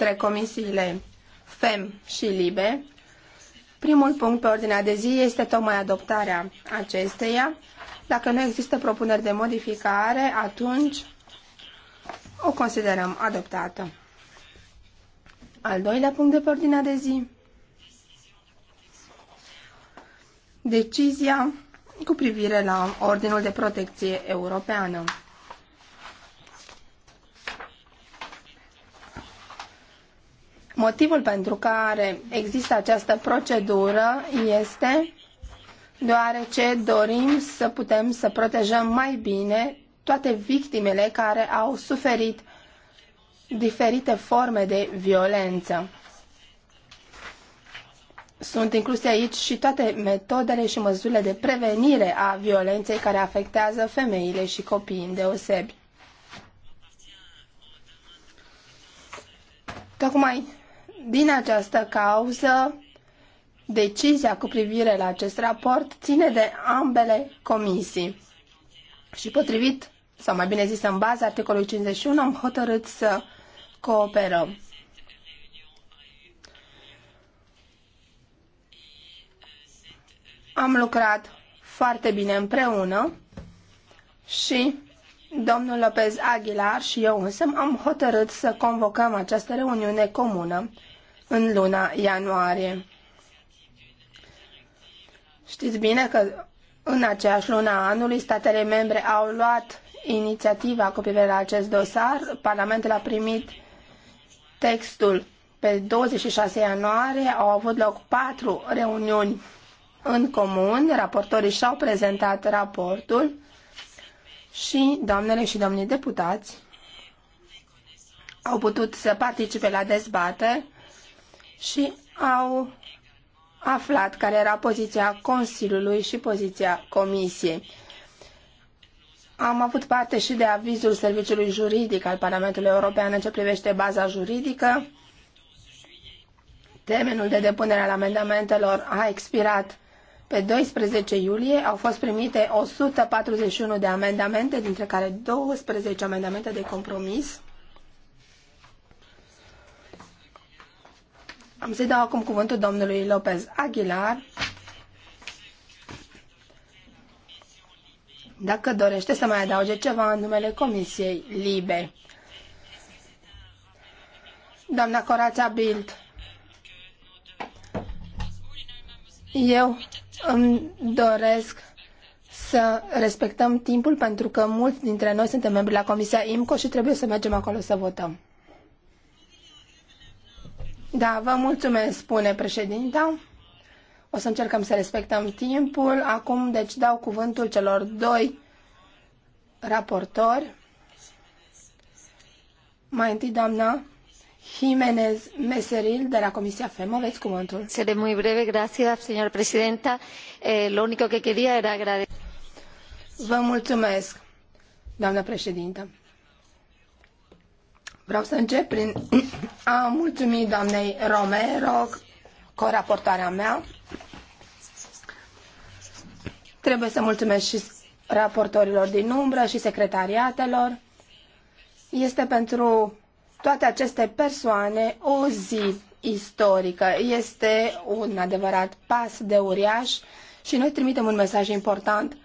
între comisiile FEM și LIBE. Primul punct pe ordinea de zi este tocmai adoptarea acesteia. Dacă nu există propuneri de modificare, atunci o considerăm adoptată. Al doilea punct de pe ordinea de zi. Decizia cu privire la Ordinul de Protecție Europeană. Motivul pentru care există această procedură este deoarece dorim să putem să protejăm mai bine toate victimele care au suferit diferite forme de violență. Sunt incluse aici și toate metodele și măsurile de prevenire a violenței care afectează femeile și copiii îndeosebi. Tocmai din această cauză, decizia cu privire la acest raport ține de ambele comisii. Și potrivit, sau mai bine zis, în baza articolului 51, am hotărât să cooperăm. Am lucrat foarte bine împreună și domnul Lopez Aguilar și eu însă am hotărât să convocăm această reuniune comună în luna ianuarie. Știți bine că în aceeași lună anului statele membre au luat inițiativa cu privire la acest dosar. Parlamentul a primit textul pe 26 ianuarie. Au avut loc patru reuniuni în comun. Raportorii și-au prezentat raportul și doamnele și domnii deputați au putut să participe la dezbatere și au aflat care era poziția Consiliului și poziția Comisiei. Am avut parte și de avizul Serviciului Juridic al Parlamentului European în ce privește baza juridică. Termenul de depunere al amendamentelor a expirat pe 12 iulie. Au fost primite 141 de amendamente, dintre care 12 amendamente de compromis. Am să-i dau acum cuvântul domnului Lopez Aguilar. Dacă dorește să mai adauge ceva în numele Comisiei Libe. Doamna Corața Bild, eu îmi doresc să respectăm timpul pentru că mulți dintre noi suntem membri la Comisia IMCO și trebuie să mergem acolo să votăm. Da, vă mulțumesc, spune președinta. O să încercăm să respectăm timpul. Acum, deci, dau cuvântul celor doi raportori. Mai întâi, doamna Jiménez Meseril, de la Comisia FEM. Aveți cuvântul. Seré muy breve, gracias, señor presidenta. Eh, lo único que quería era agradecer. Vă mulțumesc, doamnă președintă. Vreau să încep prin a mulțumi doamnei Romero, coraportoarea mea. Trebuie să mulțumesc și raportorilor din umbră și secretariatelor. Este pentru toate aceste persoane o zi istorică. Este un adevărat pas de uriaș și noi trimitem un mesaj important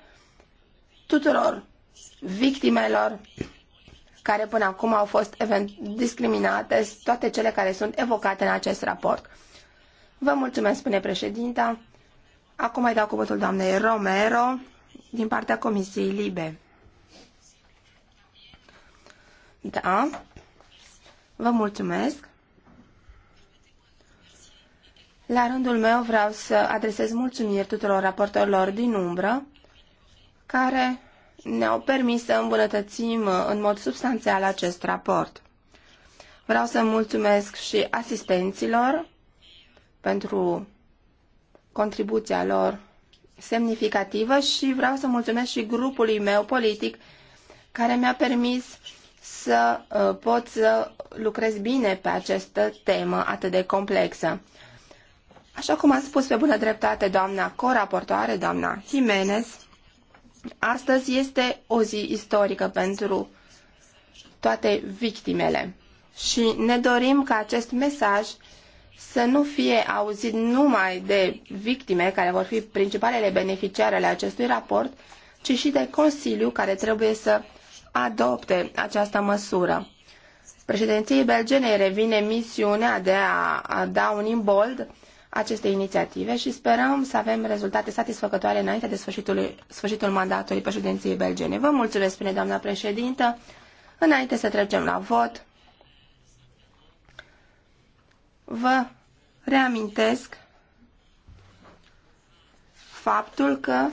tuturor victimelor care până acum au fost discriminate, toate cele care sunt evocate în acest raport. Vă mulțumesc, spune președinta. Acum îi dau cuvântul doamnei Romero din partea Comisiei Libe. Da, vă mulțumesc. La rândul meu vreau să adresez mulțumiri tuturor raportorilor din umbră care ne-au permis să îmbunătățim uh, în mod substanțial acest raport. Vreau să mulțumesc și asistenților pentru contribuția lor semnificativă și vreau să mulțumesc și grupului meu politic care mi-a permis să uh, pot să lucrez bine pe această temă atât de complexă. Așa cum a spus pe bună dreptate doamna coraportoare, doamna Jimenez, Astăzi este o zi istorică pentru toate victimele și ne dorim ca acest mesaj să nu fie auzit numai de victime, care vor fi principalele beneficiare ale acestui raport, ci și de Consiliu, care trebuie să adopte această măsură. Președinției belgene revine misiunea de a, a da un imbold aceste inițiative și sperăm să avem rezultate satisfăcătoare înainte de sfârșitul, sfârșitul mandatului președinției belgene. Vă mulțumesc, spune doamna președintă. Înainte să trecem la vot, vă reamintesc faptul că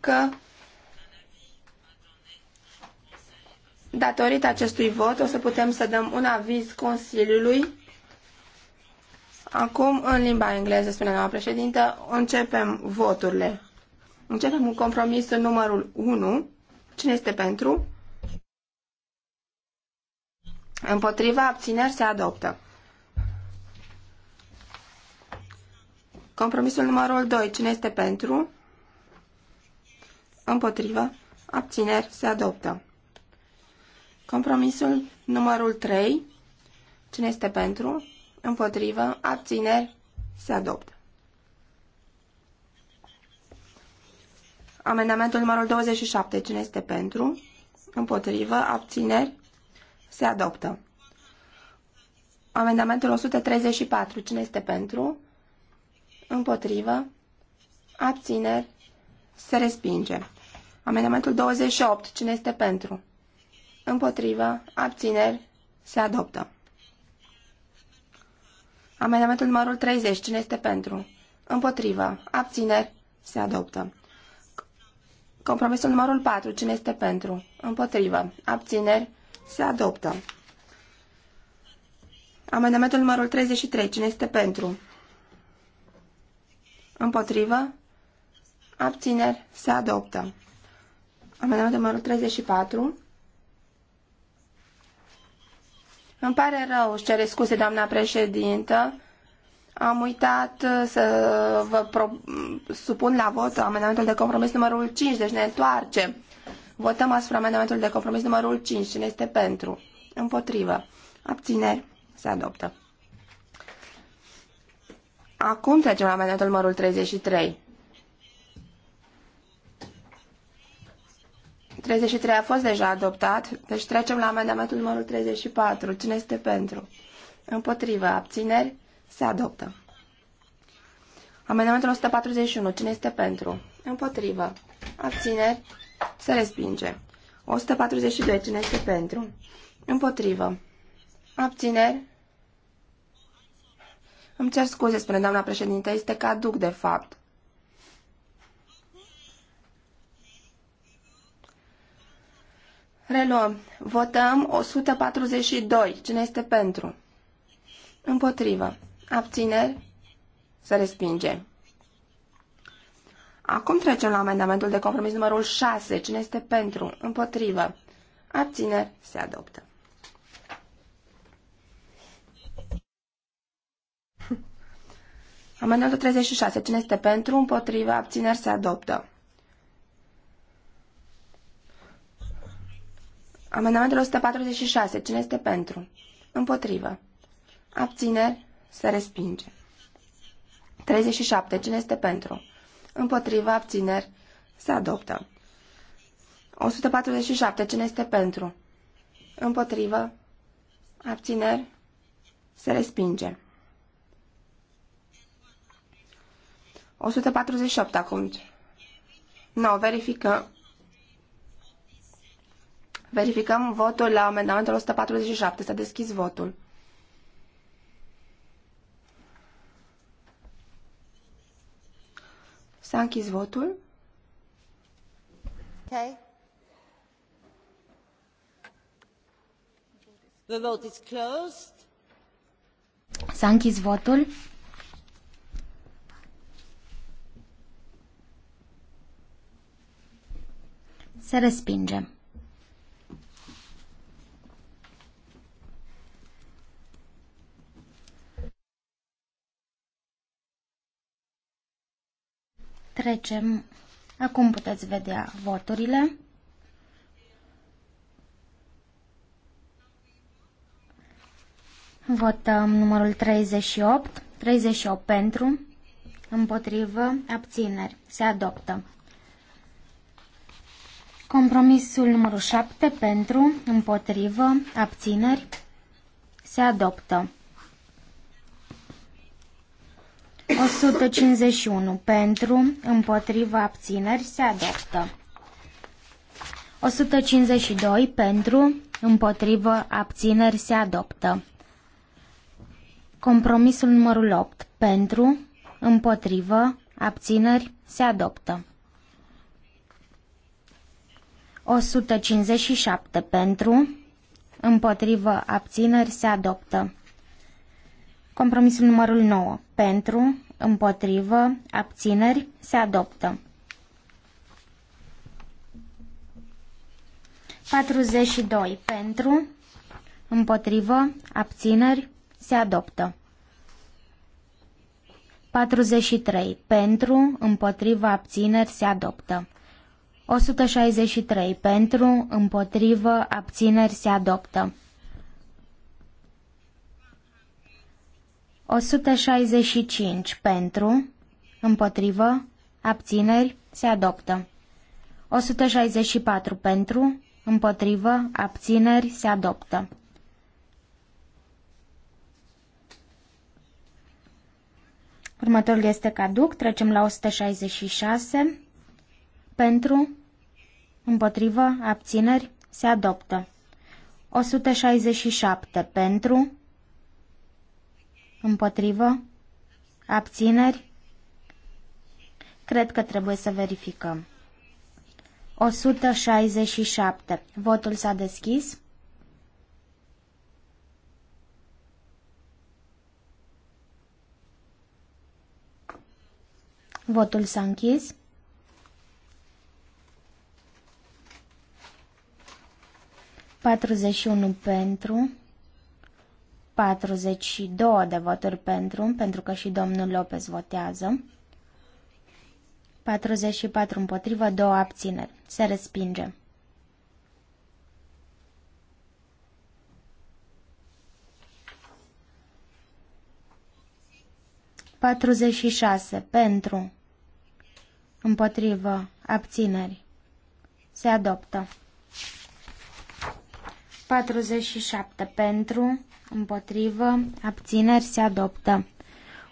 că datorită acestui vot o să putem să dăm un aviz Consiliului. Acum, în limba engleză, spune doamna președintă, începem voturile. Începem cu compromisul numărul 1. Cine este pentru? Împotriva abțineri se adoptă. Compromisul numărul 2. Cine este pentru? Împotriva Abțineri se adoptă. Compromisul numărul 3. Cine este pentru? Împotrivă. Abțineri. Se adoptă. Amendamentul numărul 27. Cine este pentru? Împotrivă. Abțineri. Se adoptă. Amendamentul 134. Cine este pentru? Împotrivă. Abțineri. Se respinge. Amendamentul 28. Cine este pentru? împotrivă, abțineri, se adoptă. Amendamentul numărul 30, cine este pentru? Împotrivă, abțineri, se adoptă. Compromisul numărul 4, cine este pentru? Împotrivă, abțineri, se adoptă. Amendamentul numărul 33, cine este pentru? Împotrivă, abțineri, se adoptă. Amendamentul numărul 34, Îmi pare rău, își cere scuze, doamna președintă. Am uitat uh, să vă supun la vot amendamentul de compromis numărul 5, deci ne întoarcem. Votăm asupra amendamentul de compromis numărul 5. Cine este pentru? Împotrivă. Abțineri. Se adoptă. Acum trecem la amendamentul numărul 33. 33 a fost deja adoptat, deci trecem la amendamentul numărul 34. Cine este pentru? Împotrivă. Abțineri? Se adoptă. Amendamentul 141. Cine este pentru? Împotrivă. Abțineri? Se respinge. 142. Cine este pentru? Împotrivă. Abțineri? Îmi cer scuze, spune doamna președinte, este caduc de fapt. Reluăm. Votăm 142. Cine este pentru? Împotrivă. Abțineri? Se respinge. Acum trecem la amendamentul de compromis numărul 6. Cine este pentru? Împotrivă. Abțineri? Se adoptă. Amendamentul 36. Cine este pentru? Împotrivă. Abțineri? Se adoptă. Amendamentul 146. Cine este pentru? Împotrivă. Abțineri. Se respinge. 37. Cine este pentru? Împotrivă. Abțineri. Se adoptă. 147. Cine este pentru? Împotrivă. Abțineri. Se respinge. 148 acum. Nu, verificăm. Verificăm votul la amendamentul 147. S-a deschis votul. S-a închis votul. Okay. The vote is closed. S-a închis votul. Se respinge. Trecem. Acum puteți vedea voturile. Votăm numărul 38. 38 pentru, împotrivă, abțineri. Se adoptă. Compromisul numărul 7 pentru, împotrivă, abțineri. Se adoptă. 151 pentru, împotriva abțineri se adoptă. 152 pentru, împotrivă abțineri se adoptă. Compromisul numărul 8 pentru, împotrivă abțineri se adoptă. 157 pentru, împotrivă abțineri se adoptă. Compromisul numărul 9. Pentru, împotrivă, abțineri, se adoptă. 42. Pentru, împotrivă, abțineri, se adoptă. 43. Pentru, împotrivă, abțineri, se adoptă. 163. Pentru, împotrivă, abțineri, se adoptă. 165 pentru, împotrivă, abțineri, se adoptă. 164 pentru, împotrivă, abțineri, se adoptă. Următorul este caduc, trecem la 166. Pentru, împotrivă, abțineri, se adoptă. 167 pentru, Împotrivă? Abțineri? Cred că trebuie să verificăm. 167. Votul s-a deschis. Votul s-a închis. Patruzeci și unu pentru, 42 de voturi pentru, pentru că și domnul Lopez votează. 44 împotrivă, 2 abțineri. Se respinge. Patruzeci și șase. Pentru. Împotrivă. Abțineri. Se adoptă. 47 pentru, împotrivă, abțineri se adoptă.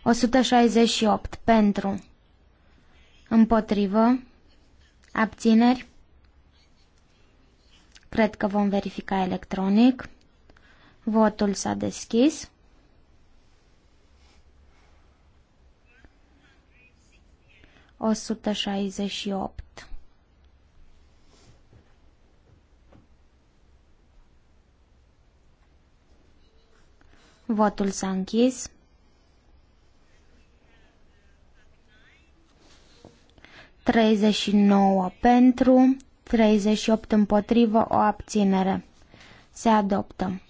168 pentru, împotrivă, abțineri. Cred că vom verifica electronic. Votul s-a deschis. O 168. Votul s-a închis. Treizeci și nouă pentru, treizeci și opt împotrivă, o abținere. Se adoptă.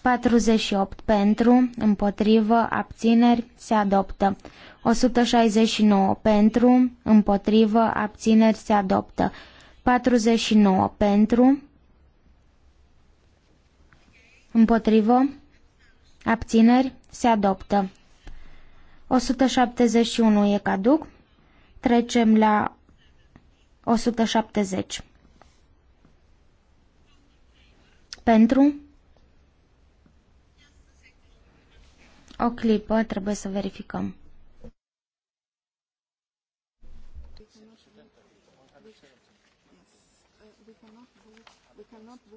48 pentru, împotrivă, abțineri, se adoptă. 169 pentru, împotrivă, abțineri, se adoptă. 49 pentru, împotrivă, Abțineri? Se adoptă. 171 e caduc. Trecem la 170. Pentru? O clipă, trebuie să verificăm.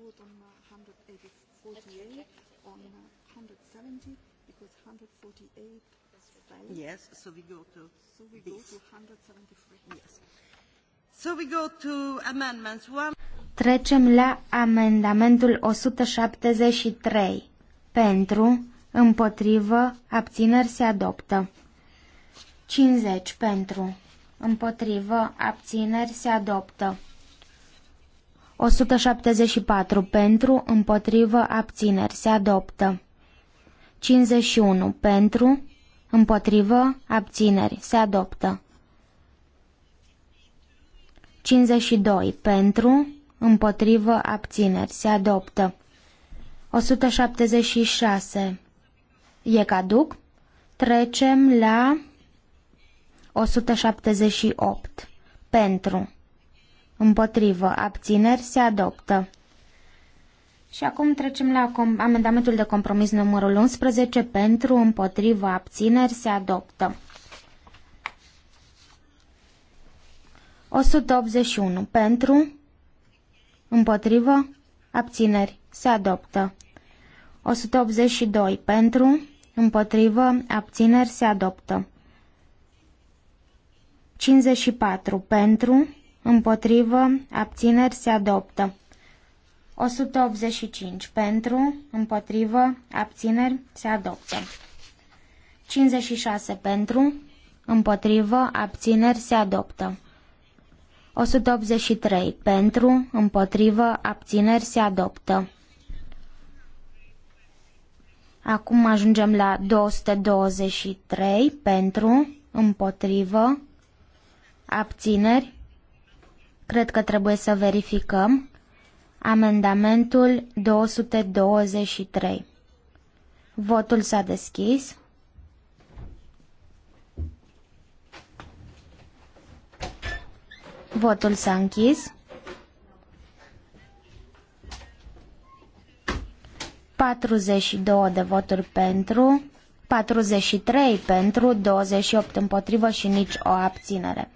vote on 148, uh, on uh, 170, because 148 failed. Yes, so we go to So we this. go to 173. Yes. So we go to amendments. One... Trecem la amendamentul 173. Pentru, împotrivă, abțineri se adoptă. 50 pentru, împotrivă, abțineri se adoptă. 174 pentru, împotrivă, abțineri, se adoptă. 51 pentru, împotrivă, abțineri, se adoptă. 52 pentru, împotrivă, abțineri, se adoptă. 176 e caduc. Trecem la 178 pentru împotrivă, abțineri, se adoptă. Și acum trecem la amendamentul de compromis numărul 11 pentru, împotrivă, abțineri, se adoptă. 181 pentru, împotrivă, abțineri, se adoptă. 182 pentru, împotrivă, abțineri, se adoptă. 54 pentru, Împotrivă, abțineri se adoptă. 185. Pentru, împotrivă, abțineri se adoptă. 56. Pentru, împotrivă, abțineri se adoptă. 183. Pentru, împotrivă, abțineri se adoptă. Acum ajungem la 223. Pentru, împotrivă, abțineri Cred că trebuie să verificăm amendamentul 223. Votul s-a deschis. Votul s-a închis. 42 de voturi pentru, 43 pentru, 28 împotrivă și nici o abținere.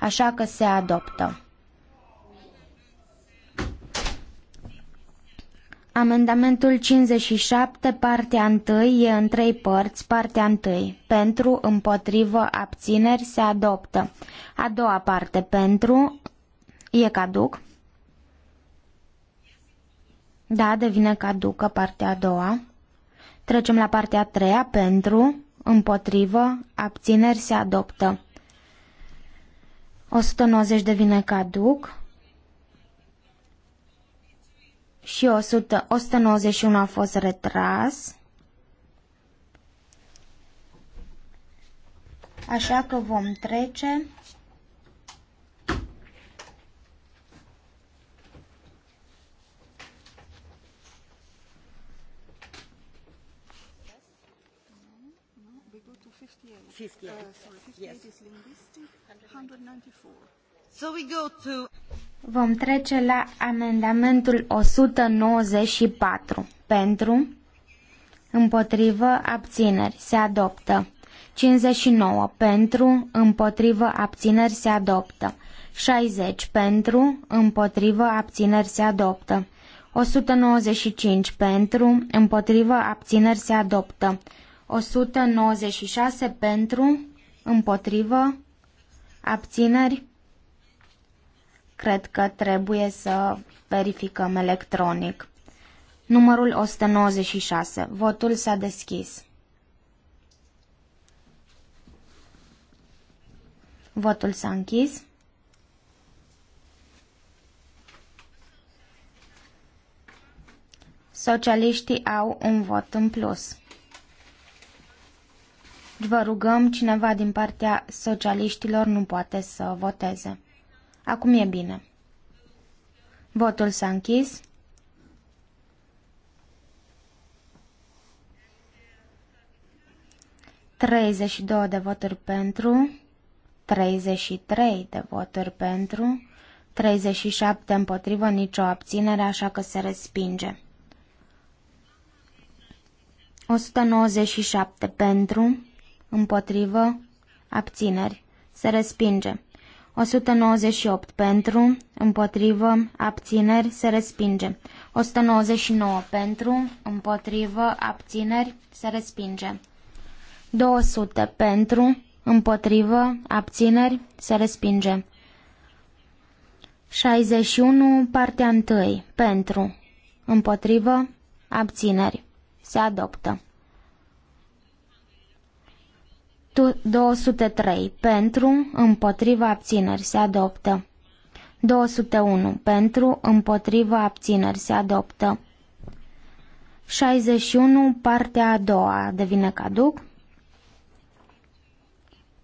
Așa că se adoptă. Amendamentul 57, partea 1, e în trei părți. Partea 1, pentru, împotrivă, abțineri, se adoptă. A doua parte, pentru, e caduc. Da, devine caducă partea a doua. Trecem la partea a treia, pentru, împotrivă, abțineri, se adoptă. 190 devine caduc și 191 a fost retras. Așa că vom trece uh, So we go to Vom trece la amendamentul 194. Pentru, împotrivă, abțineri, se adoptă. 59. Pentru, împotrivă, abțineri, se adoptă. 60. Pentru, împotrivă, abțineri, se adoptă. 195. Pentru, împotrivă, abțineri, se adoptă. 196. Pentru, împotrivă, abțineri, cred că trebuie să verificăm electronic. Numărul 196. Votul s-a deschis. Votul s-a închis. Socialiștii au un vot în plus. Vă rugăm, cineva din partea socialiștilor nu poate să voteze. Acum e bine. Votul s-a închis. Treizeci și două de voturi pentru, treizeci și trei de voturi pentru, treizeci și șapte împotrivă, nicio abținere, așa că se respinge. 197 pentru, împotrivă, abțineri, se respinge. 198 pentru, împotrivă, abțineri, se respinge. 199 pentru, împotrivă, abțineri, se respinge. 200 pentru, împotrivă, abțineri, se respinge. 61, partea 1, pentru, împotrivă, abțineri, se adoptă. 203 pentru, împotriva abțineri se adoptă. 201 pentru, împotriva abțineri se adoptă. 61 partea a doua devine caduc.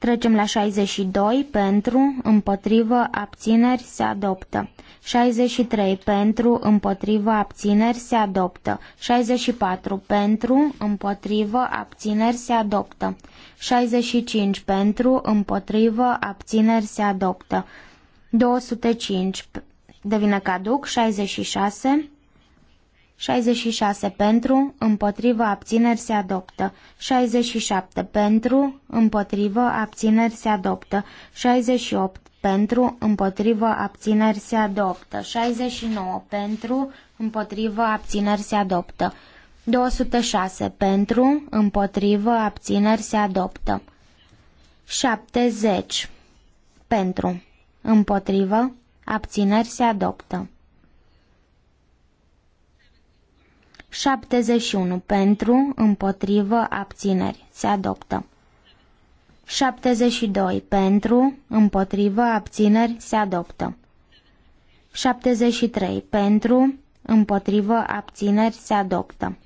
Trecem la 62 pentru, împotrivă, abțineri se adoptă. 63 pentru, împotrivă, abțineri se adoptă. 64 pentru, împotrivă, abțineri se adoptă. 65 pentru, împotrivă, abțineri se adoptă. 205 devine caduc, 66 66 pentru, împotrivă, abțineri se adoptă. 67 pentru, împotrivă, abțineri se adoptă. 68 pentru, împotrivă, abțineri se adoptă. 69 pentru, împotrivă, abțineri se adoptă. 206 pentru, împotrivă, abțineri se adoptă. 70 pentru, împotrivă, abțineri se adoptă. 71 pentru, împotrivă, abțineri. Se adoptă. 72 pentru, împotrivă, abțineri. Se adoptă. 73 pentru, împotrivă, abțineri. Se adoptă.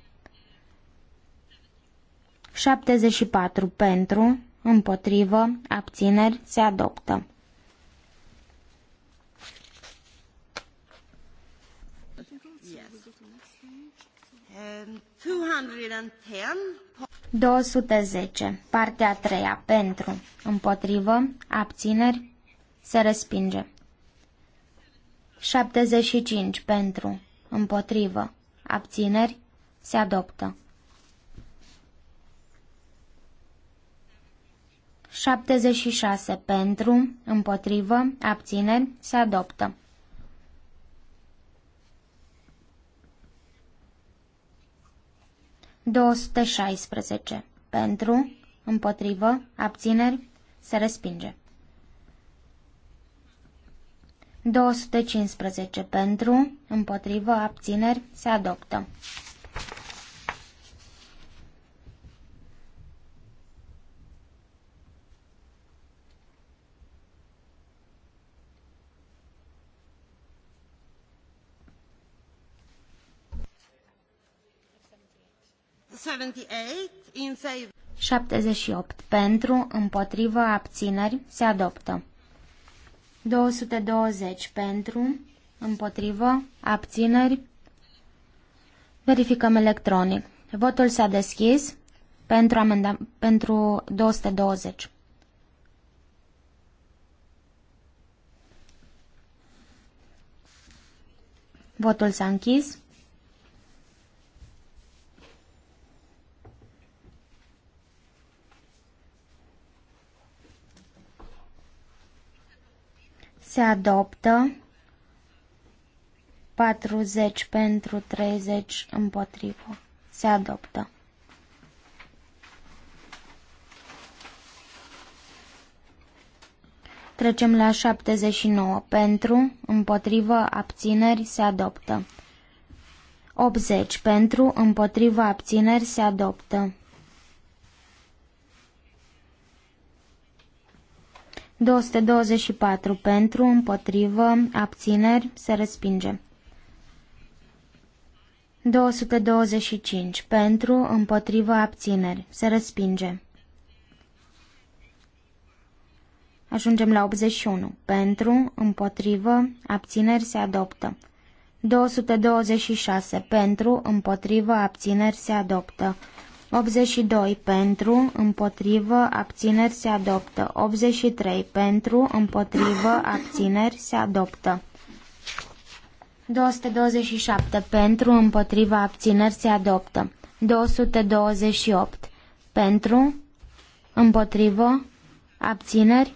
74 pentru, împotrivă, abțineri. Se adoptă. 210. Partea a treia. Pentru. Împotrivă. Abțineri. Se respinge. 75. Pentru. Împotrivă. Abțineri. Se adoptă. 76. Pentru. Împotrivă. Abțineri. Se adoptă. 216. Pentru, împotrivă, abțineri, se respinge. 215. Pentru, împotrivă, abțineri, se adoptă. 78 pentru, împotrivă, abțineri, se adoptă. 220 pentru, împotrivă, abțineri. Verificăm electronic. Votul s-a deschis pentru, amenda pentru 220. Votul s-a închis. Se adoptă 40 pentru 30 împotrivă. Se adoptă. Trecem la 79. Pentru, împotrivă, abțineri, se adoptă. 80. Pentru, împotrivă, abțineri, se adoptă. 224 pentru, împotrivă, abțineri, se respinge. 225 pentru, împotrivă, abțineri, se respinge. Ajungem la 81. Pentru, împotrivă, abțineri se adoptă. 226. Pentru, împotrivă, abțineri se adoptă. 82 pentru, împotrivă, abțineri se adoptă. 83 pentru, împotrivă, abțineri se adoptă. 227 pentru, împotriva, abțineri se adoptă. 228 pentru, împotrivă, abțineri.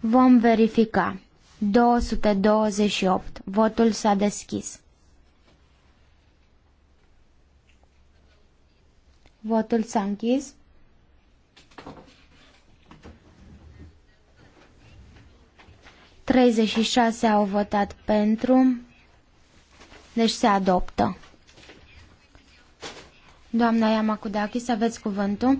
Vom verifica. 228. Votul s-a deschis. Votul s-a închis. Treizeci și șase au votat pentru, deci se adoptă. Doamna Iamacudakis, aveți cuvântul.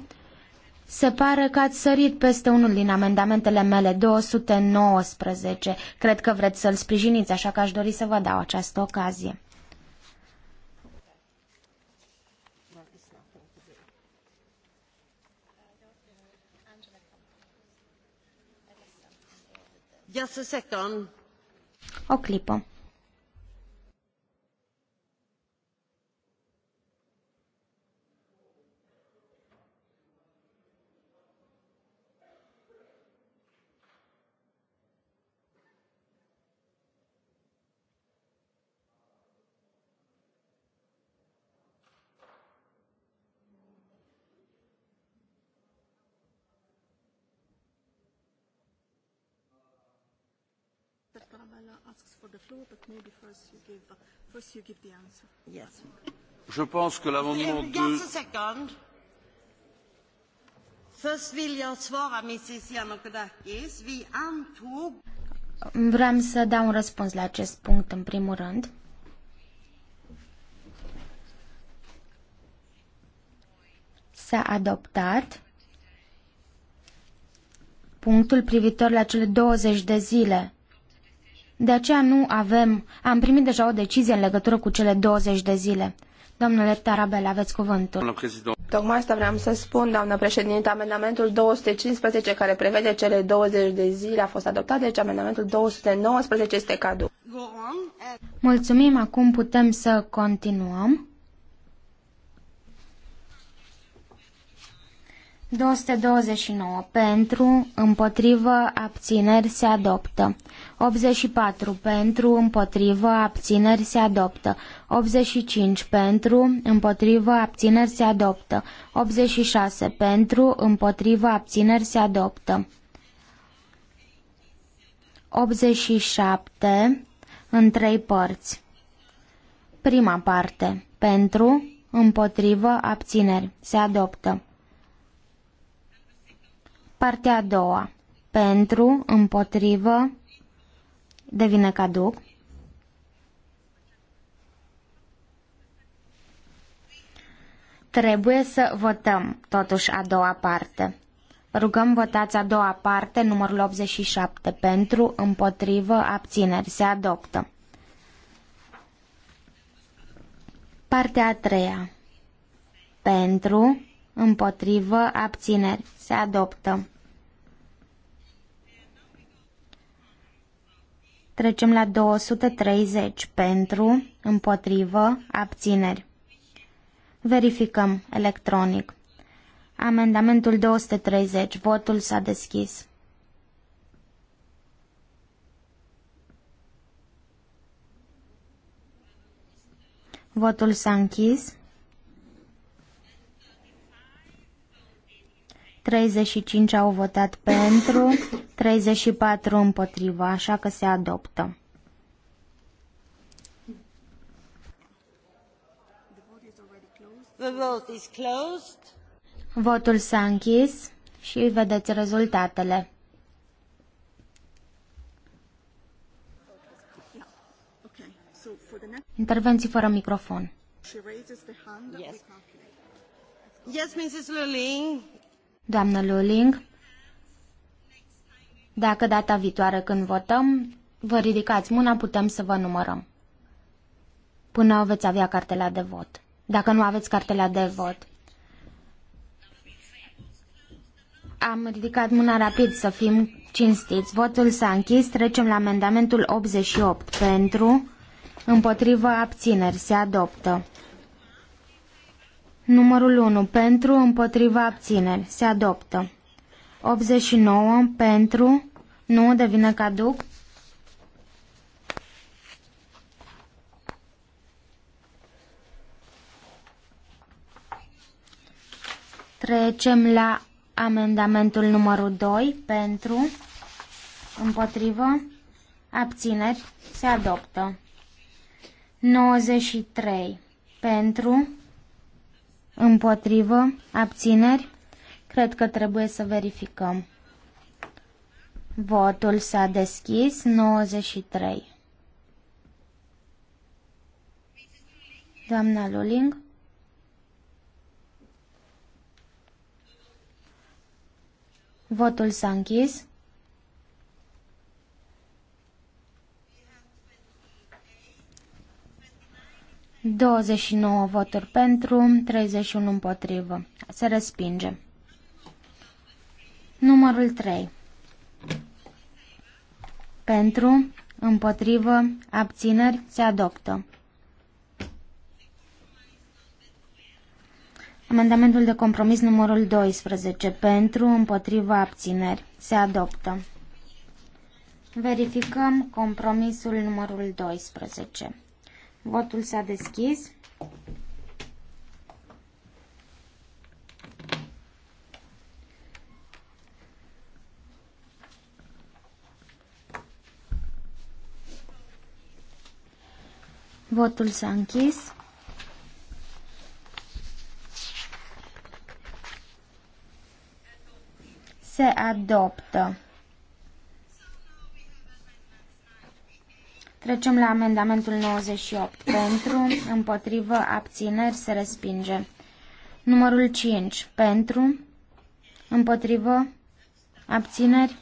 Se pare că ați sărit peste unul din amendamentele mele, 219. Cred că vreți să-l sprijiniți, așa că aș dori să vă dau această ocazie. O clipă. asks for the floor, but maybe first you give, first you give the answer. Yes. Je pense que l'amendement Just a second. Först vill jag svara Mrs. Vi antog... Vreau să dau un răspuns la acest punct în primul rând. S-a adoptat punctul privitor la cele 20 de zile de aceea nu avem, am primit deja o decizie în legătură cu cele 20 de zile. Domnule Tarabel, aveți cuvântul. Tocmai asta vreau să spun, doamnă președinte. Amendamentul 215 care prevede cele 20 de zile a fost adoptat, deci amendamentul 219 este cadu. Mulțumim, acum putem să continuăm. 229 pentru, împotrivă, abțineri se adoptă. 84 pentru, împotrivă, abțineri se adoptă. 85 pentru, împotrivă, abțineri se adoptă. 86 pentru, împotrivă, abțineri se adoptă. 87 în trei părți. Prima parte. Pentru, împotrivă, abțineri. Se adoptă. Partea a doua. Pentru, împotrivă, devine caduc. Trebuie să votăm, totuși, a doua parte. Rugăm votați a doua parte, numărul 87, pentru, împotrivă, abțineri. Se adoptă. Partea a treia. Pentru, împotrivă, abțineri. Se adoptă. Trecem la 230 pentru, împotrivă, abțineri. Verificăm electronic. Amendamentul 230. Votul s-a deschis. Votul s-a închis. 35 au votat pentru, 34 împotriva, așa că se adoptă. The vote is closed. Votul s-a închis și vedeți rezultatele. Intervenții fără microfon. Yes. Yes, Mrs. Lulling, Doamnă Luling, dacă data viitoare când votăm, vă ridicați mâna, putem să vă numărăm. Până veți avea cartela de vot. Dacă nu aveți cartela de vot. Am ridicat mâna rapid să fim cinstiți. Votul s-a închis. Trecem la amendamentul 88. Pentru, împotrivă, abțineri. Se adoptă. Numărul 1 pentru, împotriva abțineri, se adoptă. 89 pentru, nu devine caduc. Trecem la amendamentul numărul 2 pentru, împotrivă, abțineri, se adoptă. 93 pentru, Împotrivă? Abțineri? Cred că trebuie să verificăm. Votul s-a deschis 93. Doamna Luling? Votul s-a închis. 29 voturi pentru, 31 împotrivă. Se respinge. Numărul 3. Pentru, împotrivă, abțineri, se adoptă. Amendamentul de compromis numărul 12. Pentru, împotrivă, abțineri, se adoptă. Verificăm compromisul numărul 12. Votul s-a deschis. Votul s-a închis. Se adoptă. Trecem la amendamentul 98. Pentru, împotrivă, abțineri, se respinge. Numărul 5. Pentru, împotrivă, abțineri,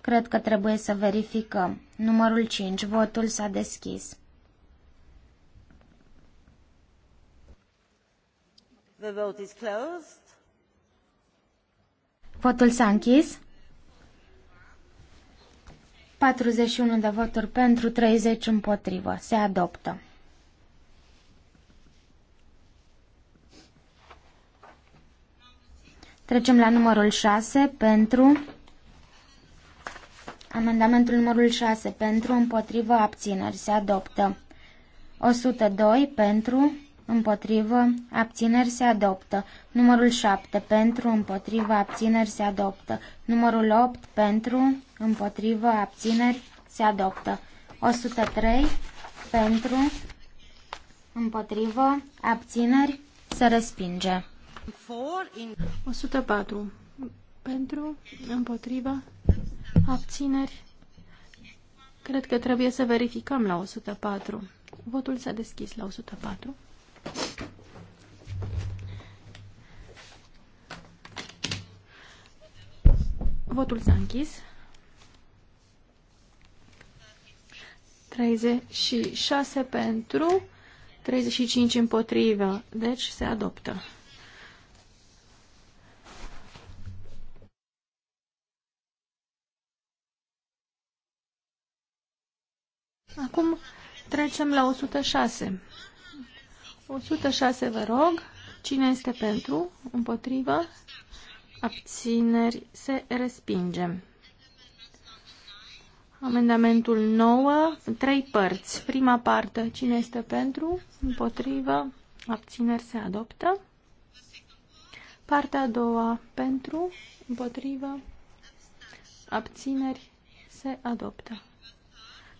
cred că trebuie să verificăm. Numărul 5. Votul s-a deschis. The vote is closed. Votul s-a închis. 41 de voturi pentru, 30 împotrivă. Se adoptă. Trecem la numărul 6 pentru amendamentul numărul 6 pentru împotrivă abțineri se adoptă. 102 pentru împotrivă, abțineri se adoptă. Numărul 7 pentru, împotrivă, abțineri se adoptă. Numărul 8 pentru, împotrivă, abțineri se adoptă. 103 pentru, împotrivă, abțineri se respinge. 104 pentru, împotrivă, abțineri. Cred că trebuie să verificăm la 104. Votul s-a deschis la 104. Votul s-a închis. 36 pentru, 35 împotrivă, deci se adoptă. Acum trecem la 106. 106 vă rog, cine este pentru, împotrivă, abțineri, se respinge. Amendamentul 9, trei părți. Prima parte, cine este pentru, împotrivă, abțineri, se adoptă. Partea a doua, pentru, împotrivă, abțineri, se adoptă.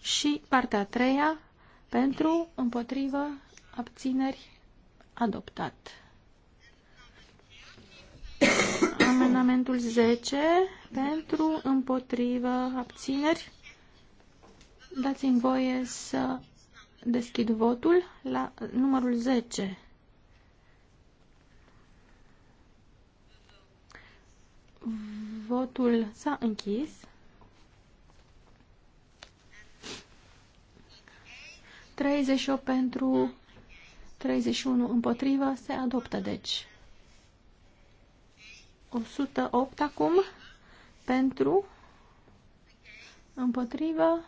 Și partea a treia, pentru, împotrivă, abțineri, adoptat. Amendamentul 10 pentru, împotrivă, abțineri. Dați-mi voie să deschid votul la numărul 10. Votul s-a închis. Treizeci pentru, 31 împotrivă, se adoptă deci. 108 acum pentru împotrivă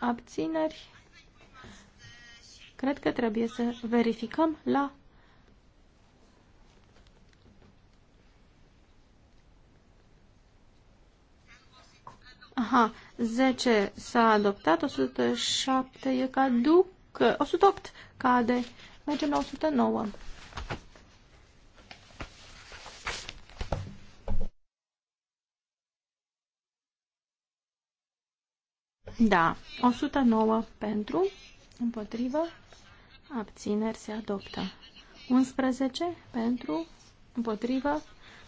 abțineri cred că trebuie să verificăm la Aha, 10 s-a adoptat, 107 e caduc, 108 cade. Mergem la 109. Da. 109 pentru, împotrivă, abțineri se adoptă. 11 pentru, împotrivă,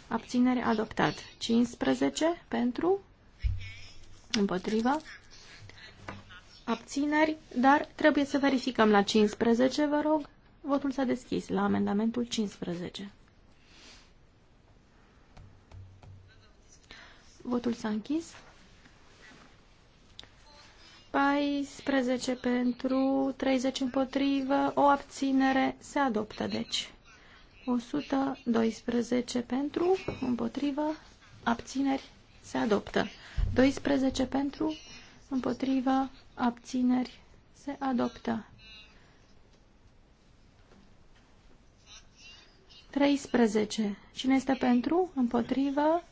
abțineri adoptat. 15 pentru, împotrivă, abțineri, dar trebuie să verificăm la 15, vă rog. Votul s-a deschis la amendamentul 15. Votul s-a închis. 14 pentru, 30 împotrivă, o abținere se adoptă, deci 112 pentru, împotrivă, abțineri se adoptă. 12 pentru, împotrivă, abțineri se adoptă. 13. Cine este pentru? Împotrivă?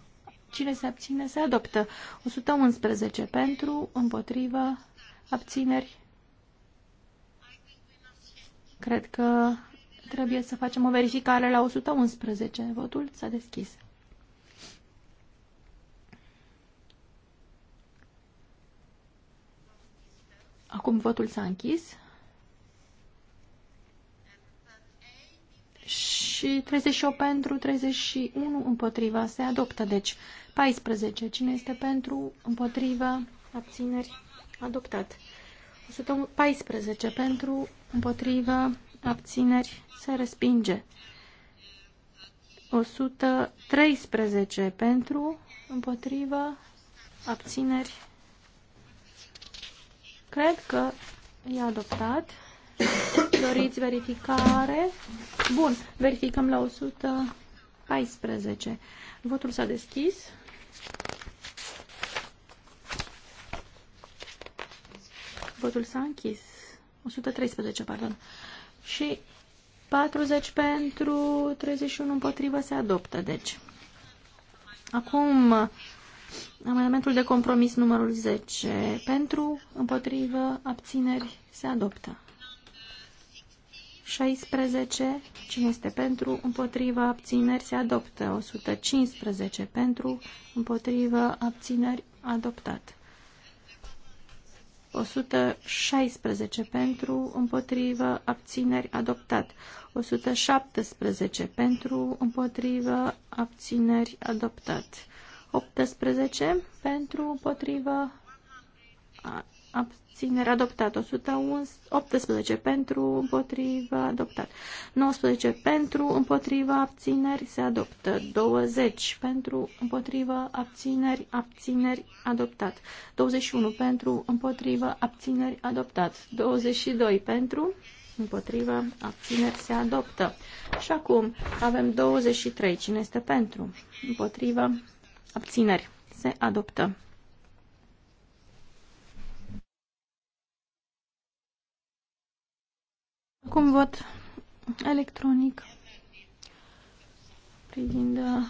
Cine se abține, se adoptă. 111 pentru, împotrivă, abțineri. Cred că trebuie să facem o verificare la 111. Votul s-a deschis. Acum votul s-a închis. și 38 pentru, 31 împotriva. Se adoptă, deci 14. Cine este pentru, împotriva, abțineri, adoptat. 14 pentru, împotriva, abțineri, se respinge. 113 pentru, împotriva, abțineri. Cred că e adoptat. Doriți verificare? Bun, verificăm la 114. Votul s-a deschis. Votul s-a închis. 113, pardon. Și 40 pentru, 31 împotrivă se adoptă, deci. Acum, amendamentul de compromis numărul 10. Pentru, împotrivă, abțineri se adoptă. 116. Cine este pentru? împotriva Abțineri. Se adoptă. 115. Pentru. împotriva Abțineri. Adoptat. 116 pentru, împotriva abțineri, adoptat. 117 pentru, împotriva abțineri, adoptat. 18 pentru, împotrivă, abținere adoptat, 118 pentru, împotriva adoptat, 19 pentru, împotriva abțineri se adoptă, 20 pentru, împotriva abțineri, abțineri adoptat, 21 pentru, împotriva abțineri adoptat, 22 pentru, împotriva abțineri se adoptă. Și acum avem 23, cine este pentru, împotriva abțineri se adoptă. Acum vot electronic privind uh,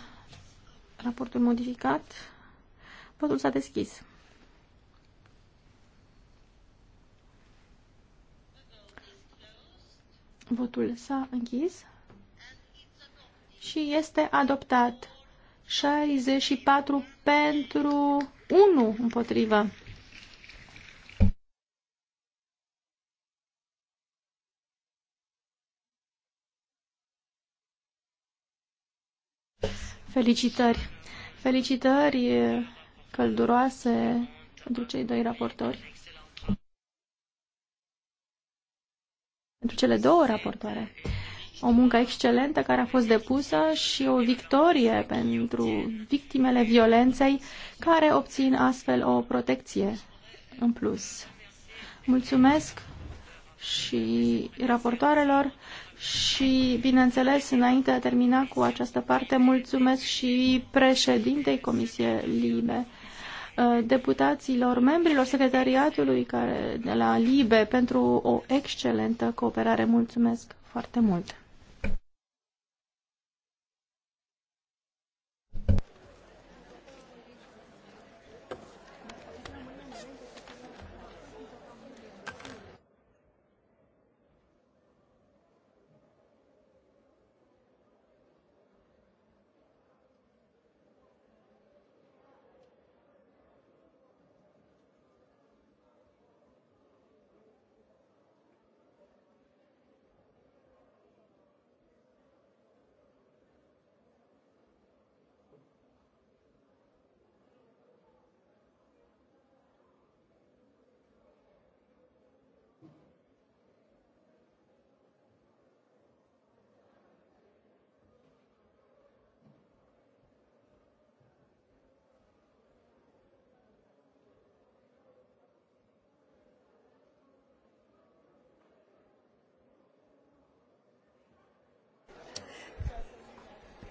raportul modificat. Votul s-a deschis. Votul s-a închis și este adoptat. 64 pentru 1 împotrivă. Felicitări! Felicitări călduroase pentru cei doi raportori. Pentru cele două raportoare. O muncă excelentă care a fost depusă și o victorie pentru victimele violenței care obțin astfel o protecție în plus. Mulțumesc și raportoarelor și, bineînțeles, înainte de a termina cu această parte, mulțumesc și președintei Comisiei Libe, uh, deputaților, membrilor secretariatului care, de la Libe pentru o excelentă cooperare. Mulțumesc foarte mult!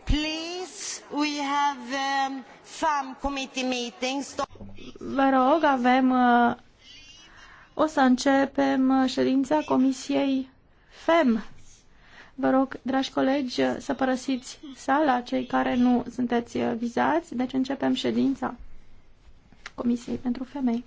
Please, we have um, committee meetings. Vă rog, avem... Uh, o să începem uh, ședința Comisiei FEM. Vă rog, dragi colegi, uh, să părăsiți sala, cei care nu sunteți uh, vizați. Deci începem ședința Comisiei pentru Femei.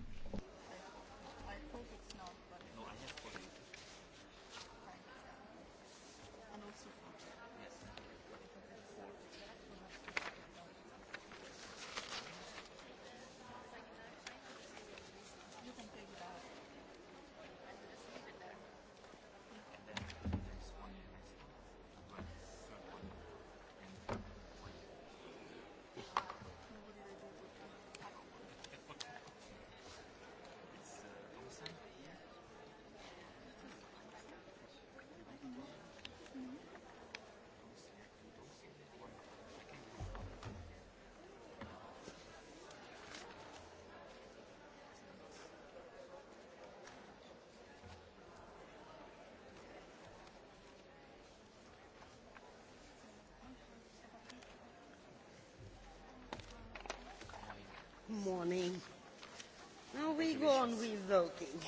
voting.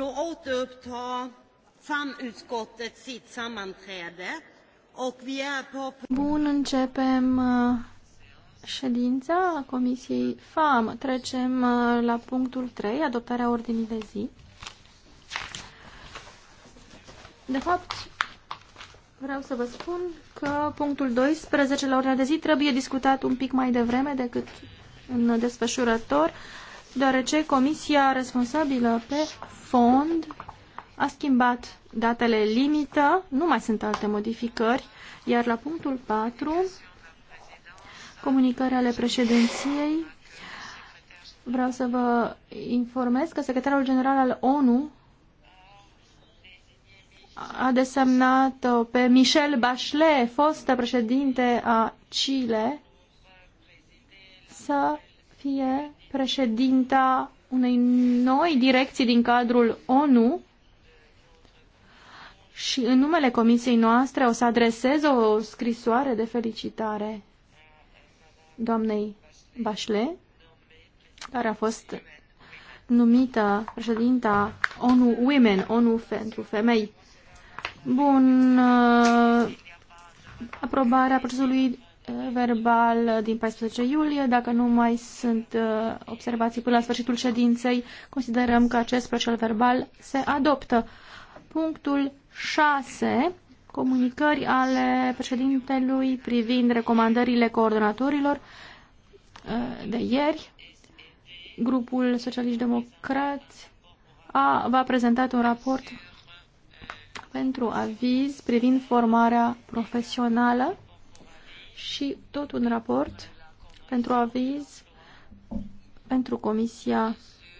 Då återupptar samutskottet sitt sammanträde och vi är på... Bun, începem uh, ședința Comisiei FAM. Trecem uh, la punctul 3, adoptarea ordinii de zi. De fapt, vreau să vă spun că punctul 12 la ordinea de zi trebuie discutat un pic mai devreme decât în desfășurător deoarece comisia responsabilă pe fond a schimbat datele limită, nu mai sunt alte modificări, iar la punctul 4, comunicarea ale președinției, vreau să vă informez că secretarul general al ONU a desemnat pe Michel Bachelet, fostă președinte a Chile, să fie președinta unei noi direcții din cadrul ONU și în numele comisiei noastre o să adresez o scrisoare de felicitare doamnei Bachelet, care a fost numită președinta ONU Women, ONU pentru femei. Bun, uh, aprobarea procesului verbal din 14 iulie. Dacă nu mai sunt uh, observații până la sfârșitul ședinței, considerăm că acest proces verbal se adoptă. Punctul 6. Comunicări ale președintelui privind recomandările coordonatorilor uh, de ieri. Grupul Socialiști Democrați a, va prezentat un raport pentru aviz privind formarea profesională și tot un raport pentru aviz pentru Comisia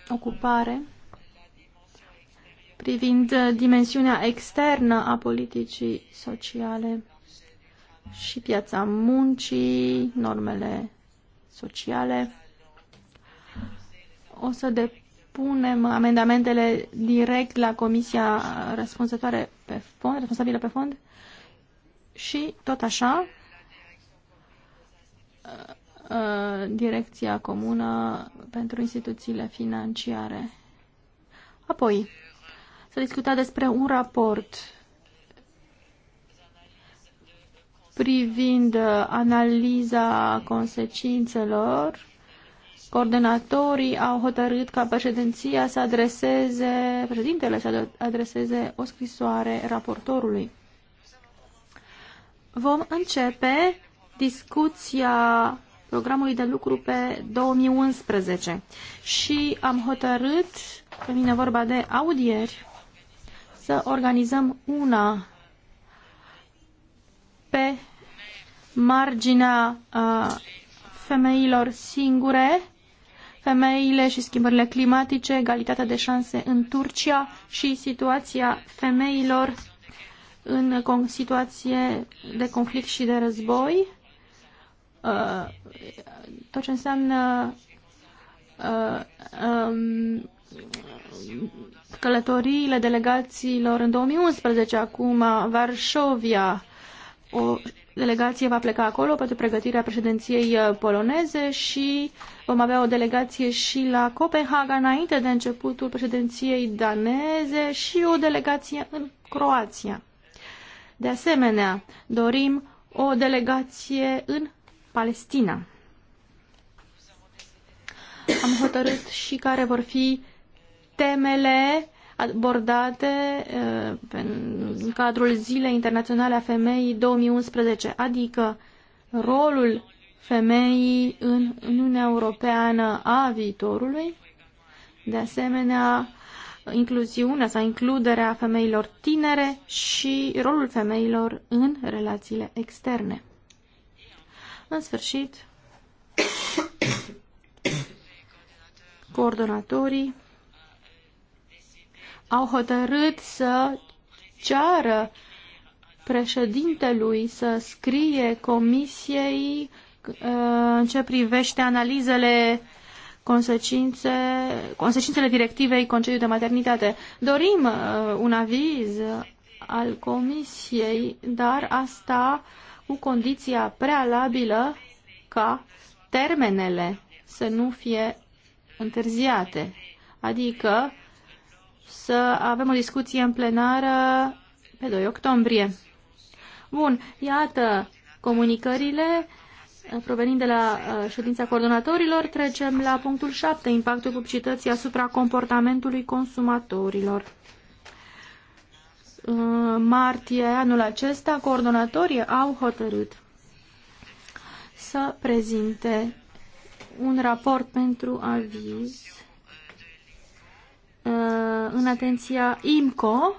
Ocupare privind dimensiunea externă a politicii sociale și piața muncii, normele sociale. O să depunem amendamentele direct la comisia răspunzătoare pe fond, responsabilă pe fond și tot așa Uh, uh, direcția comună pentru instituțiile financiare. Apoi, s-a discutat despre un raport privind uh, analiza consecințelor. Coordonatorii au hotărât ca președinția să adreseze, președintele să adreseze o scrisoare raportorului. Vom începe discuția programului de lucru pe 2011 și am hotărât, când vine vorba de audieri, să organizăm una pe marginea uh, femeilor singure, femeile și schimbările climatice, egalitatea de șanse în Turcia și situația femeilor în situație de conflict și de război Uh, tot ce înseamnă uh, um, călătoriile delegațiilor în 2011, acum Varșovia, o delegație va pleca acolo pentru pregătirea președinției uh, poloneze și vom avea o delegație și la Copenhaga înainte de începutul președinției daneze și o delegație în Croația. De asemenea, dorim o delegație în Palestina. Am hotărât și care vor fi temele abordate eh, în cadrul Zilei Internaționale a Femeii 2011, adică rolul femeii în Uniunea Europeană a viitorului, de asemenea incluziunea sau includerea femeilor tinere și rolul femeilor în relațiile externe. În sfârșit, coordonatorii au hotărât să ceară președintelui să scrie comisiei uh, în ce privește analizele consecințe, consecințele directivei concediului de maternitate. Dorim uh, un aviz al comisiei, dar asta uh, cu condiția prealabilă ca termenele să nu fie întârziate. Adică să avem o discuție în plenară pe 2 octombrie. Bun, iată comunicările provenind de la uh, ședința coordonatorilor. Trecem la punctul 7, impactul publicității asupra comportamentului consumatorilor martie anul acesta, coordonatorii au hotărât să prezinte un raport pentru aviz uh, în atenția IMCO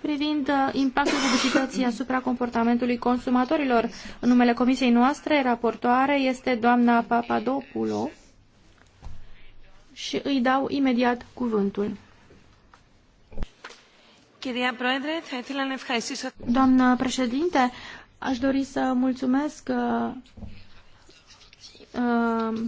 privind uh, impactul publicității asupra comportamentului consumatorilor. În numele comisiei noastre, raportoare este doamna Papadopulo și îi dau imediat cuvântul. Doamnă președinte, aș dori să mulțumesc uh, uh,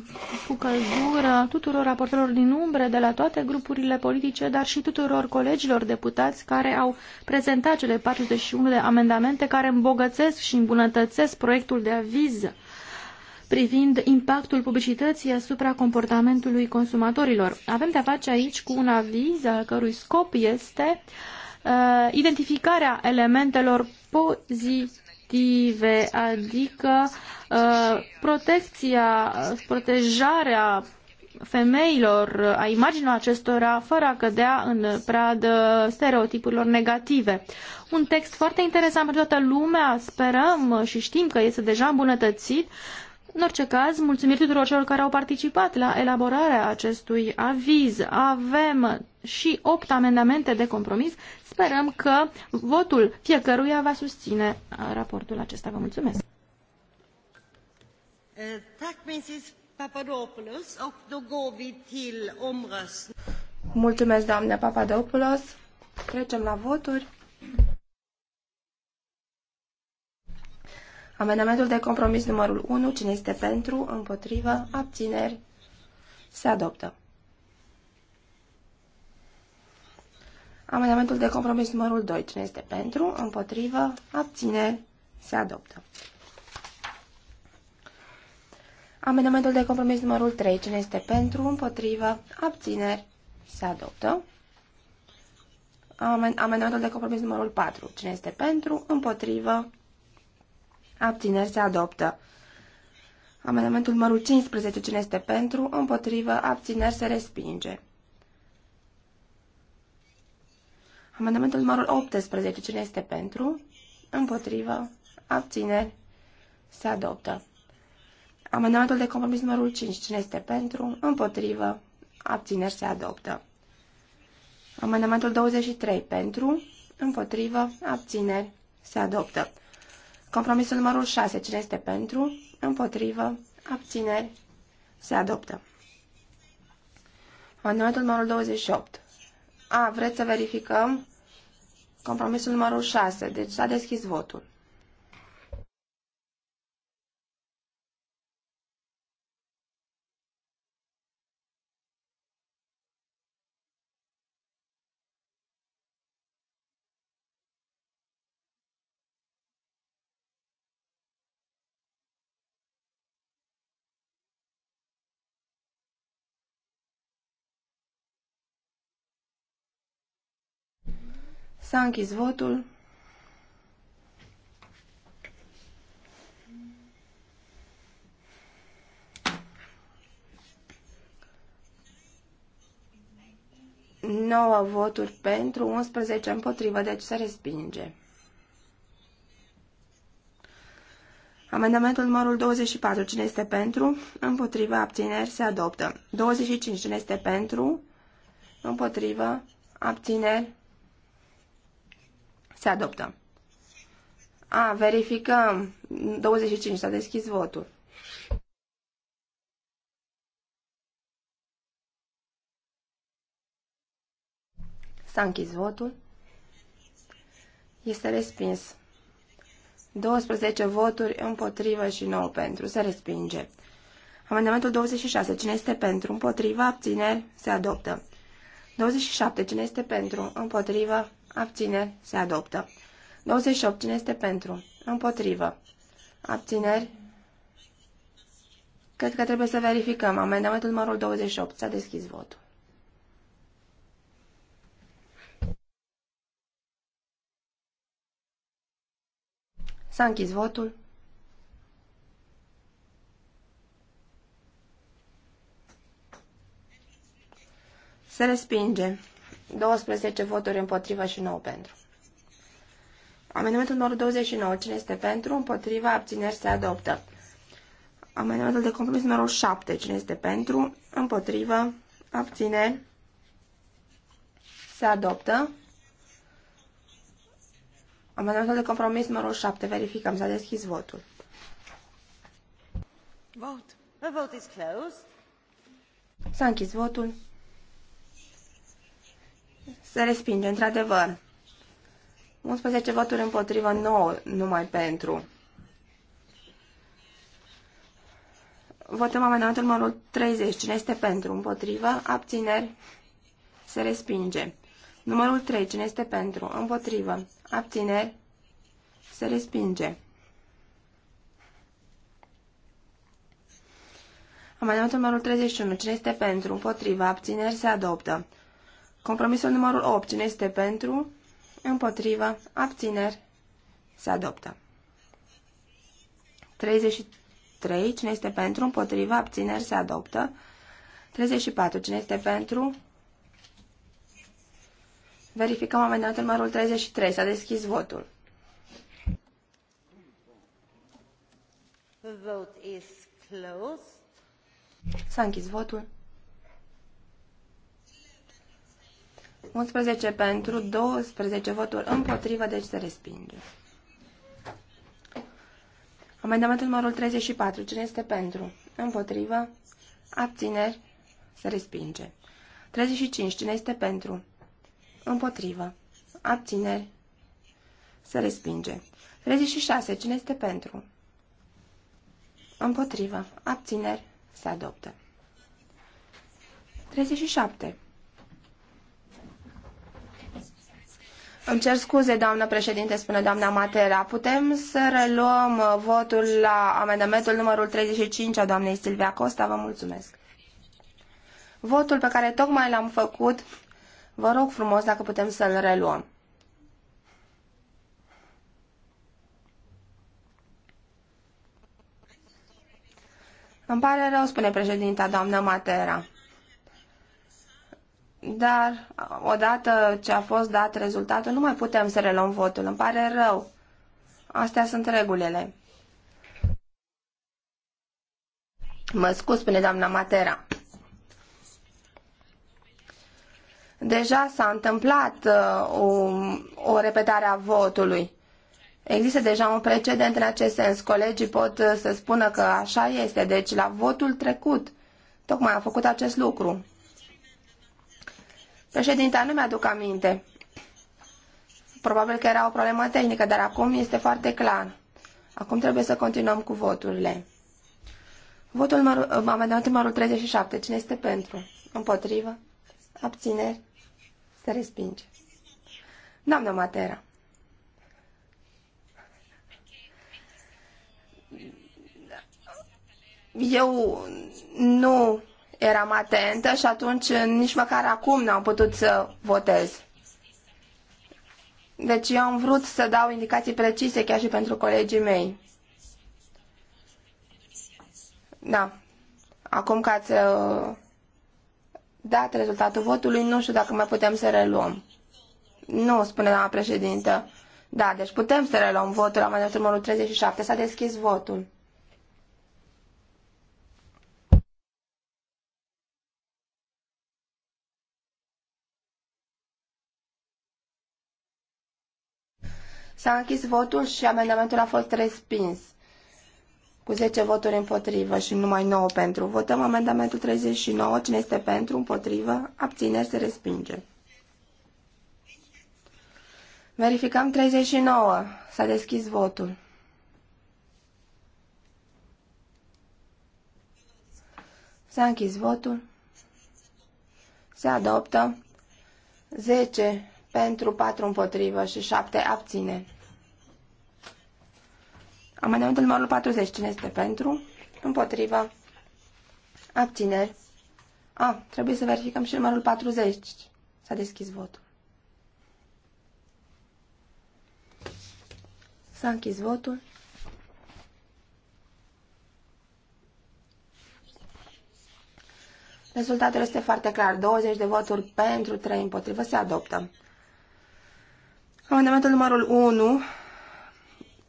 cu căldură tuturor raportorilor din umbre de la toate grupurile politice, dar și tuturor colegilor deputați care au prezentat cele 41 de amendamente care îmbogățesc și îmbunătățesc proiectul de aviz privind impactul publicității asupra comportamentului consumatorilor. Avem de-a face aici cu un aviz al cărui scop este uh, uh, identificarea elementelor pozitive, adică uh, protecția, uh, protejarea femeilor, uh, a imaginilor acestora, fără a cădea în pradă stereotipurilor negative. Un text foarte interesant pentru toată lumea, sperăm și știm că este deja îmbunătățit, în orice caz, mulțumiri tuturor celor care au participat la elaborarea acestui aviz. Avem și opt amendamente de compromis. Sperăm că votul fiecăruia va susține uh, raportul acesta. Vă mulțumesc! Eh, mulțumesc, doamne Papadopoulos. Trecem la voturi. Amendamentul de compromis numărul 1, cine este pentru, împotrivă, abțineri, se adoptă. Amendamentul de compromis numărul 2, cine este pentru, împotrivă, abțineri, se adoptă. Amendamentul de compromis numărul 3, cine este pentru, împotrivă, abțineri, se adoptă. Amendamentul de compromis numărul 4, cine este pentru, împotrivă, Abțineri se adoptă. Amendamentul numărul 15, cine este pentru, împotrivă, abțineri se respinge. Amendamentul numărul 18, cine este pentru, împotrivă, abțineri se adoptă. Amendamentul de compromis numărul 5, cine este pentru, împotrivă, abțineri se adoptă. Amendamentul 23, pentru, împotrivă, abțineri se adoptă. Compromisul numărul 6. Cine este pentru? Împotrivă. Abțineri. Se adoptă. Amendamentul numărul 28. A, vreți să verificăm? Compromisul numărul 6. Deci s-a deschis votul. S-a închis votul. Nouă voturi pentru, 11 împotrivă, deci se respinge. Amendamentul numărul 24. Cine este pentru? Împotrivă. Abțineri. Se adoptă. 25. Cine este pentru? Împotrivă. Abțineri. Se adoptă. A, verificăm. 25 s-a deschis votul. S-a închis votul. Este respins. 12 voturi împotrivă și 9 pentru. Se respinge. Amendamentul 26. Cine este pentru? Împotriva? Abțineri. Se adoptă. 27. Cine este pentru? Împotrivă abțineri, se adoptă. 28. Cine este pentru? Împotrivă. Abțineri? Cred că trebuie să verificăm. Amendamentul numărul 28. S-a deschis votul. S-a închis votul. Se respinge. 12 voturi împotrivă și 9 pentru. Amendamentul numărul 29. Cine este pentru? Împotriva. Abțineri se adoptă. Amendamentul de compromis numărul 7. Cine este pentru? Împotrivă. Abțineri se adoptă. Amendamentul de compromis numărul 7. Verificăm. S-a deschis votul. Vot. The vote is closed. S-a închis votul. Se respinge, într-adevăr. 11 voturi împotrivă, 9 numai pentru. Votăm amendamentul numărul 30. Cine este pentru? Împotrivă? Abțineri? Se respinge. Numărul 3. Cine este pentru? Împotrivă? Abțineri? Se respinge. Amendamentul numărul 31. Cine este pentru? Împotrivă? Abțineri? Se adoptă. Compromisul numărul 8. Cine este pentru? Împotrivă. Abțineri. Se adoptă. 33. Cine este pentru? Împotrivă. Abțineri. Se adoptă. 34. Cine este pentru? Verificăm amendamentul numărul 33. S-a deschis votul. Vote is closed. S-a închis votul. 11 pentru, 12 voturi împotrivă, deci se respinge. Amendamentul numărul 34. Cine este pentru? Împotrivă. Abțineri. Se respinge. 35. Cine este pentru? Împotrivă. Abțineri. Se respinge. 36. Cine este pentru? Împotrivă. Abțineri. Se adoptă. 37. Îmi cer scuze, doamnă președinte, spune doamna Matera. Putem să reluăm uh, votul la amendamentul numărul 35 a doamnei Silvia Costa? Vă mulțumesc. Votul pe care tocmai l-am făcut, vă rog frumos dacă putem să-l reluăm. Îmi pare rău, spune președinta doamnă Matera. Dar odată ce a fost dat rezultatul, nu mai putem să reluăm votul. Îmi pare rău. Astea sunt regulile. Mă scuz, spune doamna Matera. Deja s-a întâmplat uh, o, o repetare a votului. Există deja un precedent în acest sens. Colegii pot uh, să spună că așa este. Deci, la votul trecut, tocmai a făcut acest lucru. Președinta, nu mi-aduc aminte. Probabil că era o problemă tehnică, dar acum este foarte clar. Acum trebuie să continuăm cu voturile. Votul numărul, adunat numărul 37. Cine este pentru? Împotrivă? Abțineri? Se respinge. Doamna Matera. Eu nu eram atentă și atunci nici măcar acum n-am putut să votez. Deci eu am vrut să dau indicații precise chiar și pentru colegii mei. Da. Acum că ați uh, dat rezultatul votului, nu știu dacă mai putem să reluăm. Nu, spune doamna președintă. Da, deci putem să reluăm votul la amendamentul numărul 37. S-a deschis votul. S-a închis votul și amendamentul a fost respins cu 10 voturi împotrivă și numai 9 pentru. Votăm amendamentul 39. Cine este pentru, împotrivă, abțineri, se respinge. Verificăm 39. S-a deschis votul. S-a închis votul. Se adoptă 10 pentru, 4 împotrivă și 7 abține. Amendamentul numărul 40. Cine este pentru? Împotrivă. Abțineri. A, trebuie să verificăm și numărul 40. S-a deschis votul. S-a închis votul. Rezultatul este foarte clar. 20 de voturi pentru, 3 împotrivă. Se adoptă. Amendamentul numărul 1.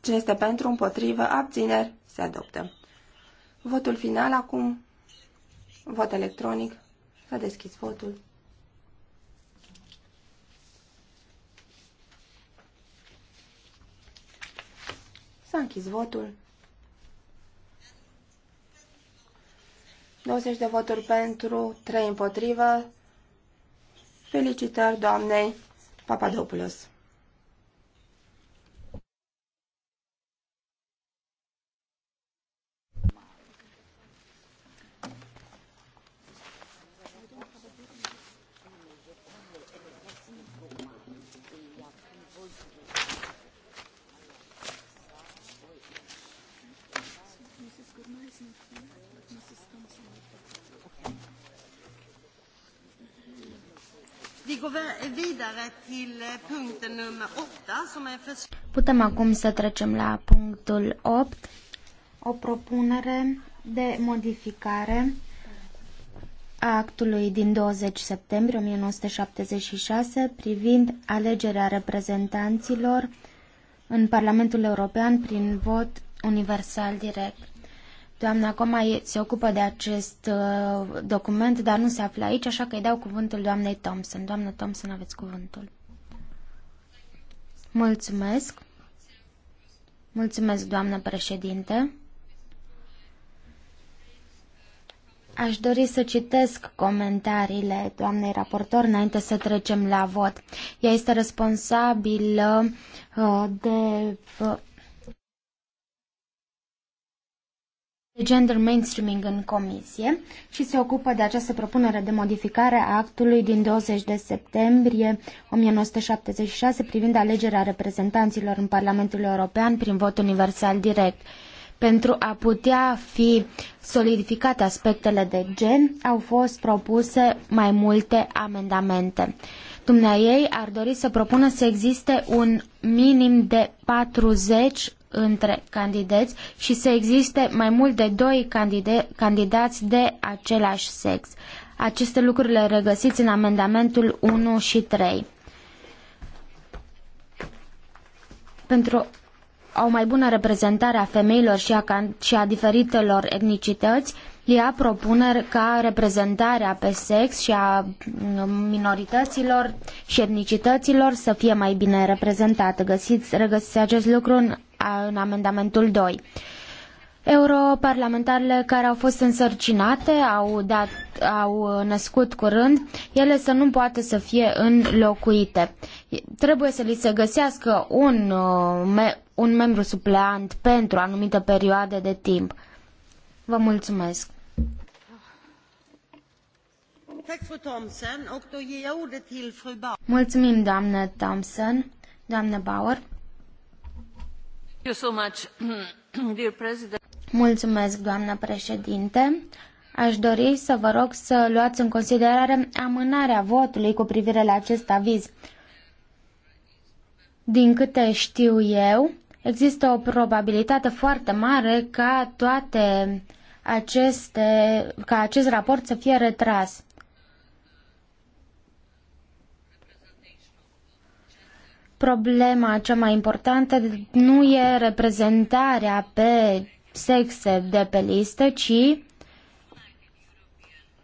Cine este pentru, împotrivă, abțineri, se adoptă. Votul final acum. Vot electronic. S-a deschis votul. S-a închis votul. 20 de voturi pentru, 3 împotrivă. Felicitări doamnei Papadopoulos. Eh, Putem acum să trecem la punctul 8, o propunere de modificare a actului din 20 septembrie 1976 privind alegerea reprezentanților în Parlamentul European prin vot universal direct. Doamna Coma se ocupă de acest uh, document, dar nu se află aici, așa că îi dau cuvântul doamnei Thompson. Doamna Thompson, aveți cuvântul. Mulțumesc. Mulțumesc, doamnă președinte. Aș dori să citesc comentariile doamnei raportor înainte să trecem la vot. Ea este responsabilă uh, de uh, de gender mainstreaming în comisie și se ocupă de această propunere de modificare a actului din 20 de septembrie 1976 privind alegerea reprezentanților în Parlamentul European prin vot universal direct. Pentru a putea fi solidificate aspectele de gen, au fost propuse mai multe amendamente. Dumnea ei ar dori să propună să existe un minim de 40 între candidați și să existe mai mult de doi candida- candidați de același sex. Aceste lucruri le regăsiți în amendamentul 1 și 3. Pentru o mai bună reprezentare a femeilor și a, și a diferitelor etnicități, ea propune ca reprezentarea pe sex și a minorităților și etnicităților să fie mai bine reprezentată. Găsiți, regăsiți acest lucru în în amendamentul 2. Europarlamentarele care au fost însărcinate, au, dat, au născut curând, ele să nu poată să fie înlocuite. Trebuie să li se găsească un, uh, un membru supleant pentru o anumită perioadă de timp. Vă mulțumesc! Mulțumim, doamnă Thompson, doamnă Bauer. Mulțumesc, doamnă președinte. Aș dori să vă rog să luați în considerare amânarea votului cu privire la acest aviz. Din câte știu eu, există o probabilitate foarte mare ca toate aceste, ca acest raport să fie retras. Problema cea mai importantă nu e reprezentarea pe sexe de pe listă, ci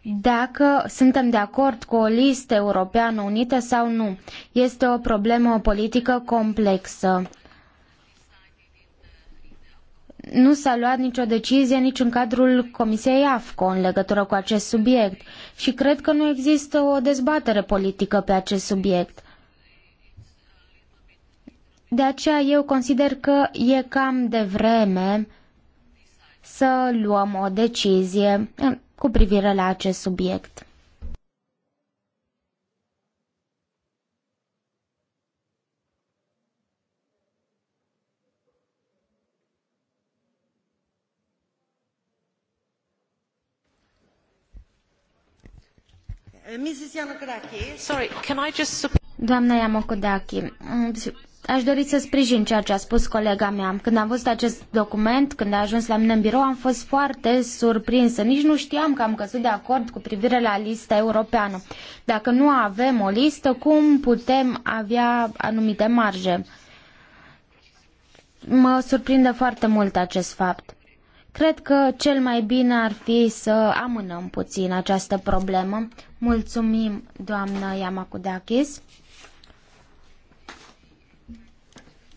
dacă suntem de acord cu o listă europeană unită sau nu. Este o problemă o politică complexă. Nu s-a luat nicio decizie nici în cadrul Comisiei AFCO în legătură cu acest subiect și cred că nu există o dezbatere politică pe acest subiect. De aceea eu consider că e cam de vreme să luăm o decizie cu privire la acest subiect. Doamna Yamokodaki, mm, Aș dori să sprijin ceea ce a spus colega mea. Când am văzut acest document, când a ajuns la mine în birou, am fost foarte surprinsă. Nici nu știam că am căzut de acord cu privire la lista europeană. Dacă nu avem o listă, cum putem avea anumite marje? Mă surprinde foarte mult acest fapt. Cred că cel mai bine ar fi să amânăm puțin această problemă. Mulțumim, doamnă Yamakudakis.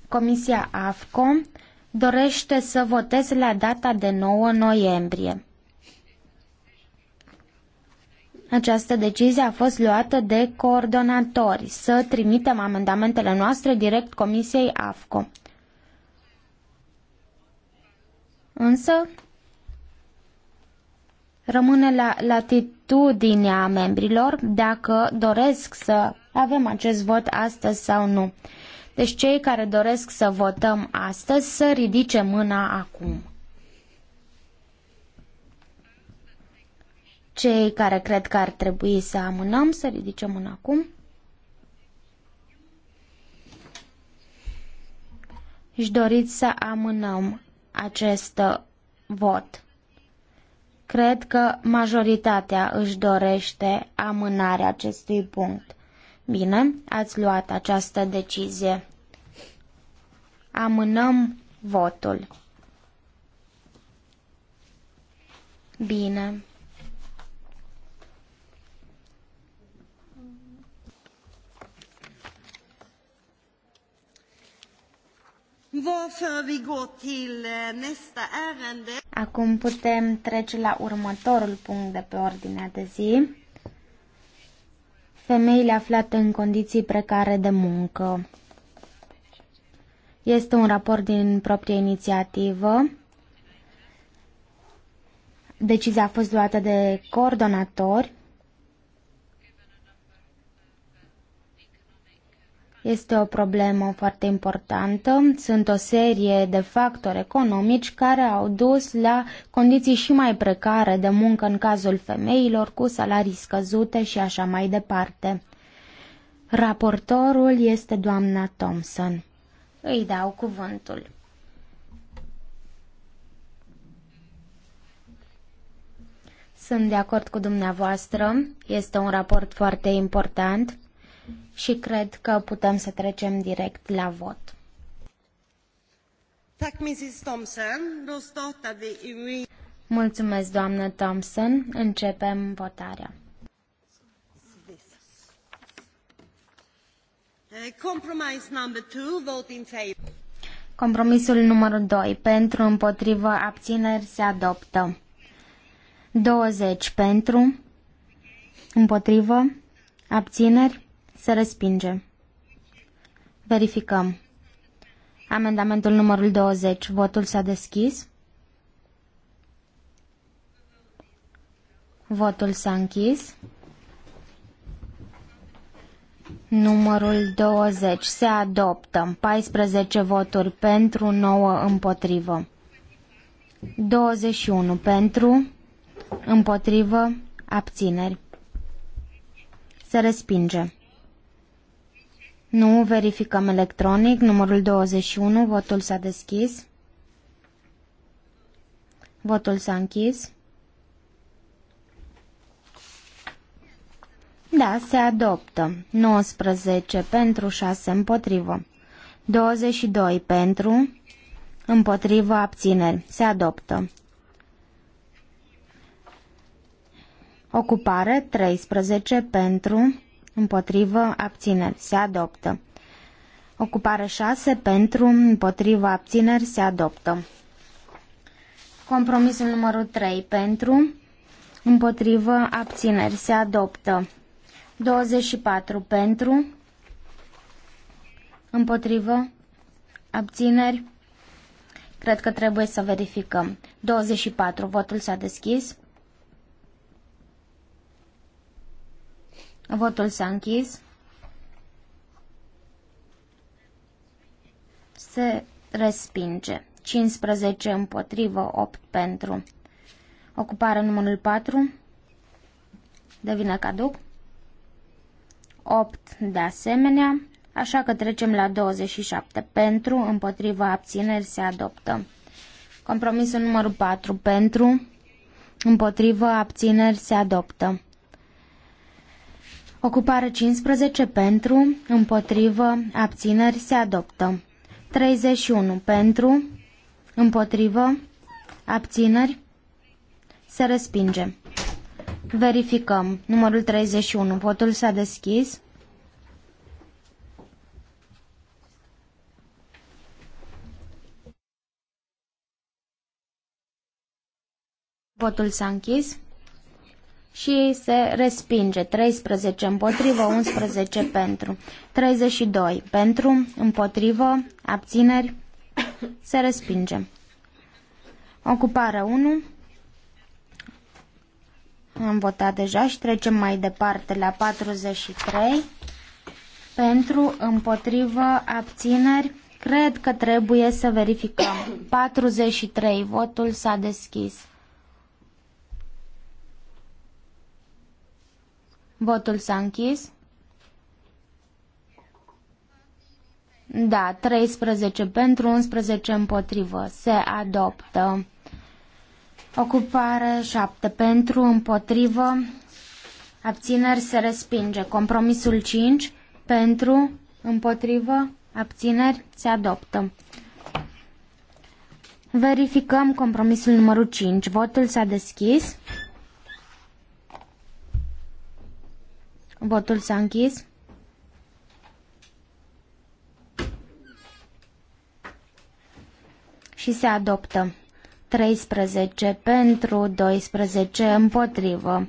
Comisia AFCO dorește să voteze la data de 9 noiembrie. Această decizie a fost luată de coordonatori să trimitem amendamentele noastre direct Comisiei AFCO. Însă, rămâne la latitudinea membrilor dacă doresc să avem acest vot astăzi sau nu. Deci cei care doresc să votăm astăzi să ridice mâna acum. Cei care cred că ar trebui să amânăm să ridice mâna acum. Își doriți să amânăm acest vot. Cred că majoritatea își dorește amânarea acestui punct. Bine, ați luat această decizie. Amânăm votul. Bine. Eh, Acum putem trece la următorul punct de pe ordinea de zi femeile aflate în condiții precare de muncă. Este un raport din proprie inițiativă. Decizia a fost luată de coordonatori Este o problemă foarte importantă. Sunt o serie de factori economici care au dus la condiții și mai precare de muncă în cazul femeilor, cu salarii scăzute și așa mai departe. Raportorul este doamna Thompson. Îi dau cuvântul. Sunt de acord cu dumneavoastră. Este un raport foarte important și cred că putem să trecem direct la vot. Mulțumesc, doamnă Thompson. Începem votarea. Eh, Compromisul numărul 2. Pentru, împotrivă, abțineri se adoptă. 20 pentru, împotrivă, abțineri se respinge. Verificăm. Amendamentul numărul 20. Votul s-a deschis. Votul s-a închis. Numărul 20. Se adoptă. 14 voturi pentru, 9 împotrivă. 21 pentru, împotrivă, abțineri. Se respinge. Nu, verificăm electronic. Numărul 21, votul s-a deschis. Votul s-a închis. Da, se adoptă. 19 pentru, 6 împotrivă. 22 pentru, împotrivă, abțineri. Se adoptă. Ocupare 13 pentru, împotrivă, abțineri, se adoptă. Ocupare 6 pentru, împotrivă, abțineri, se adoptă. Compromisul numărul 3 pentru, împotrivă, abțineri, se adoptă. 24 pentru, împotrivă, abțineri, cred că trebuie să verificăm. 24, votul s-a deschis. Votul s-a închis. Se respinge. 15 împotrivă, 8 pentru. Ocupare numărul 4. Devine caduc. 8 de asemenea. Așa că trecem la 27. Pentru, împotriva, abțineri se adoptă. Compromisul numărul 4. Pentru, împotriva, abțineri se adoptă. Ocupare 15 pentru, împotrivă, abțineri se adoptă. 31 pentru, împotrivă, abțineri se respinge. Verificăm. Numărul 31. Votul s-a deschis. Votul s-a închis și se respinge 13 împotrivă, 11 pentru, 32 pentru, împotrivă, abțineri, se respinge. Ocupare 1. Am votat deja și trecem mai departe la 43. Pentru, împotrivă, abțineri, cred că trebuie să verificăm. 43, votul s-a deschis. Votul s-a închis. Da, 13 pentru, 11 împotrivă. Se adoptă. Ocupare 7 pentru, împotrivă. Abțineri se respinge. Compromisul 5 pentru, împotrivă. Abțineri se adoptă. Verificăm compromisul numărul 5. Votul s-a deschis. Votul s-a închis. Și se adoptă. 13 pentru, 12 împotrivă.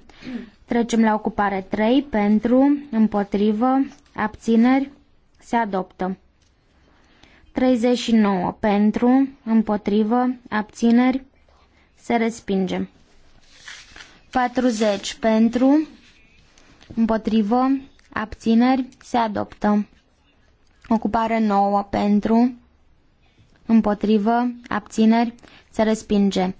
Trecem la ocupare 3 pentru, împotrivă, abțineri, se adoptă. 39 pentru, împotrivă, abțineri, se respinge. 40 pentru, împotrivă, abțineri, se adoptă. Ocupare nouă pentru, împotrivă, abțineri, se respinge.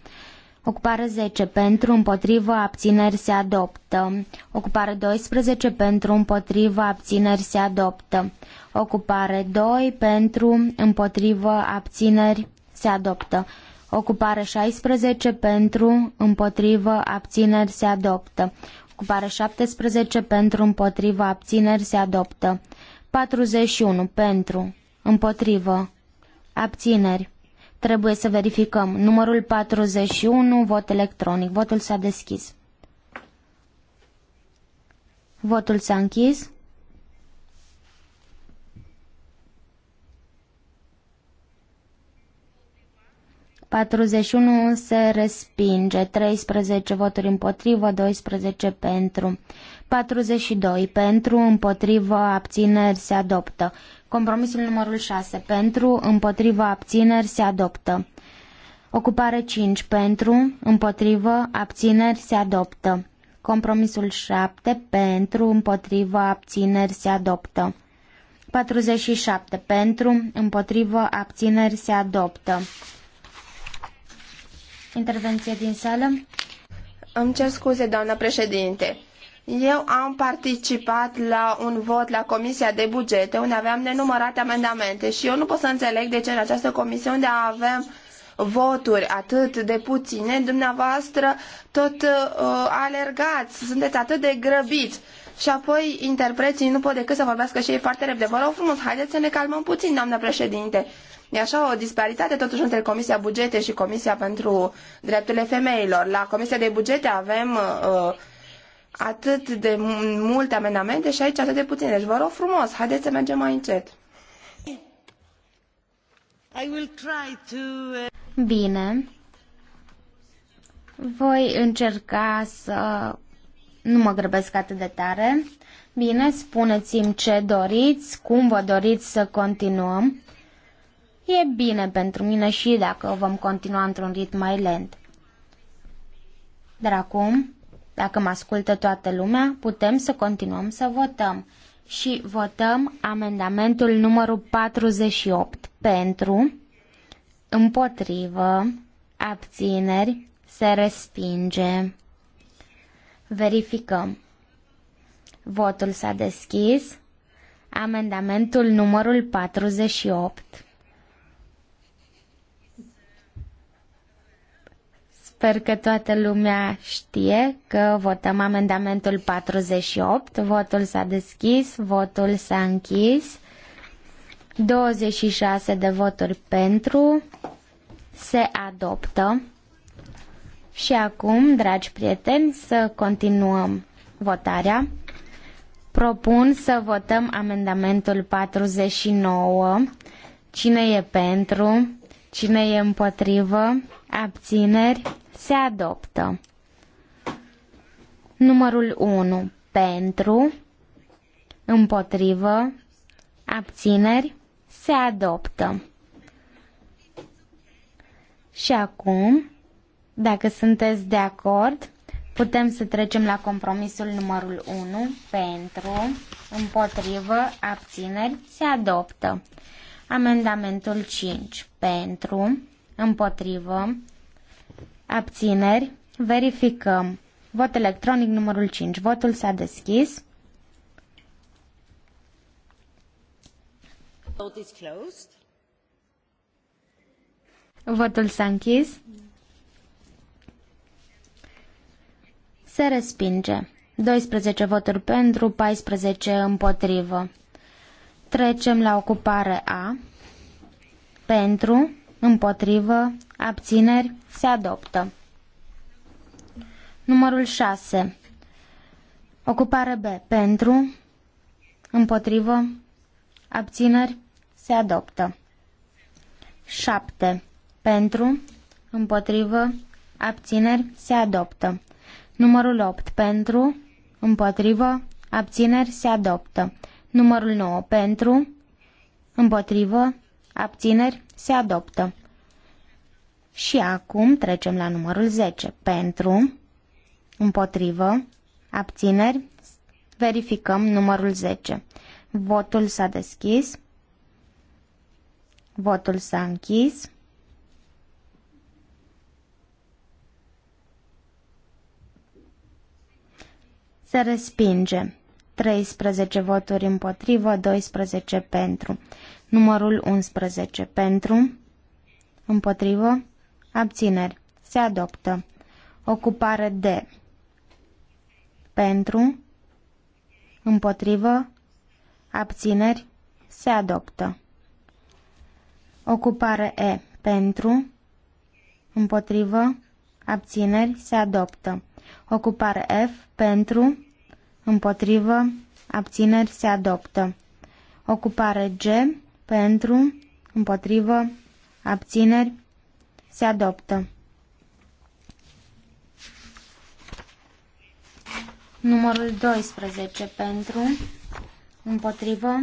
Ocupare 10 pentru, împotrivă, abțineri se adoptă. Ocupare 12 pentru, împotrivă, abțineri se adoptă. Ocupare 2 pentru, împotrivă, abțineri se adoptă. Ocupare 16 pentru, împotrivă, abțineri se adoptă. Ocupare 17 pentru împotriva abțineri se adoptă. 41 pentru împotrivă abțineri. Trebuie să verificăm. Numărul 41, vot electronic. Votul s-a deschis. Votul s-a închis. 41 se respinge, 13 voturi împotrivă, 12 pentru. 42 pentru, împotrivă, abțineri se adoptă. Compromisul numărul 6 pentru, împotrivă, abțineri se adoptă. Ocupare 5 pentru, împotrivă, abțineri se adoptă. Compromisul 7 pentru, împotrivă, abțineri se adoptă. 47 pentru, împotrivă, abțineri se adoptă. Intervenție din sală. Îmi cer scuze, doamnă președinte. Eu am participat la un vot la Comisia de Bugete, unde aveam nenumărate amendamente și eu nu pot să înțeleg de ce în această comisie, unde avem voturi atât de puține, dumneavoastră tot uh, alergați, sunteți atât de grăbiți. Și apoi interpreții nu pot decât să vorbească și ei foarte repede. Vă rog frumos, haideți să ne calmăm puțin, doamnă președinte. E așa o disparitate totuși între Comisia Bugete și Comisia pentru Drepturile Femeilor. La Comisia de Bugete avem uh, atât de multe amendamente și aici atât de puține. Deci vă rog frumos, haideți să mergem mai încet. I will try to... Uh, Bine. Voi încerca să nu mă grăbesc atât de tare. Bine, spuneți-mi ce doriți, cum vă doriți să continuăm. E bine pentru mine și dacă vom continua într-un ritm mai lent. Dar acum, dacă mă ascultă toată lumea, putem să continuăm să votăm. Și votăm amendamentul numărul 48 pentru, împotrivă, abțineri, se respinge. Verificăm. Votul s-a deschis. Amendamentul numărul 48. Sper că toată lumea știe că votăm amendamentul 48. Votul s-a deschis, votul s-a închis. 26 de voturi pentru. Se adoptă. Și acum, dragi prieteni, să continuăm votarea. Propun să votăm amendamentul 49. Cine e pentru? Cine e împotrivă? Abțineri? Se adoptă. Numărul 1. Pentru. Împotrivă. Abțineri. Se adoptă. Și acum, dacă sunteți de acord, putem să trecem la compromisul numărul 1. Pentru. Împotrivă. Abțineri. Se adoptă. Amendamentul 5. Pentru. Împotrivă. Abțineri. Verificăm. Vot electronic numărul 5. Votul s-a deschis. Votul s-a închis. Se respinge. 12 voturi pentru, 14 împotrivă. Trecem la ocupare A. Pentru, împotrivă, Abțineri? Se adoptă. Numărul 6. Ocupare B. Pentru. Împotrivă. Abțineri. Se adoptă. 7. Pentru. Împotrivă. Abțineri. Se adoptă. Numărul 8. Pentru. Împotrivă. Abțineri. Se adoptă. Numărul 9. Pentru. Împotrivă. Abțineri. Se adoptă. Și acum trecem la numărul 10. Pentru, împotrivă, abțineri, verificăm numărul 10. Votul s-a deschis. Votul s-a închis. Se respinge. 13 voturi împotrivă, 12 pentru. Numărul 11 pentru, împotrivă, Abțineri. Se adoptă. Ocupare de. Pentru. Împotrivă. Abțineri. Se adoptă. Ocupare E. Pentru. Împotrivă. Abțineri. Se adoptă. Ocupare F. Pentru. Împotrivă. Abțineri. Se adoptă. Ocupare G. Pentru. Împotrivă. Abțineri. Se adoptă. Numărul 12 pentru, împotrivă,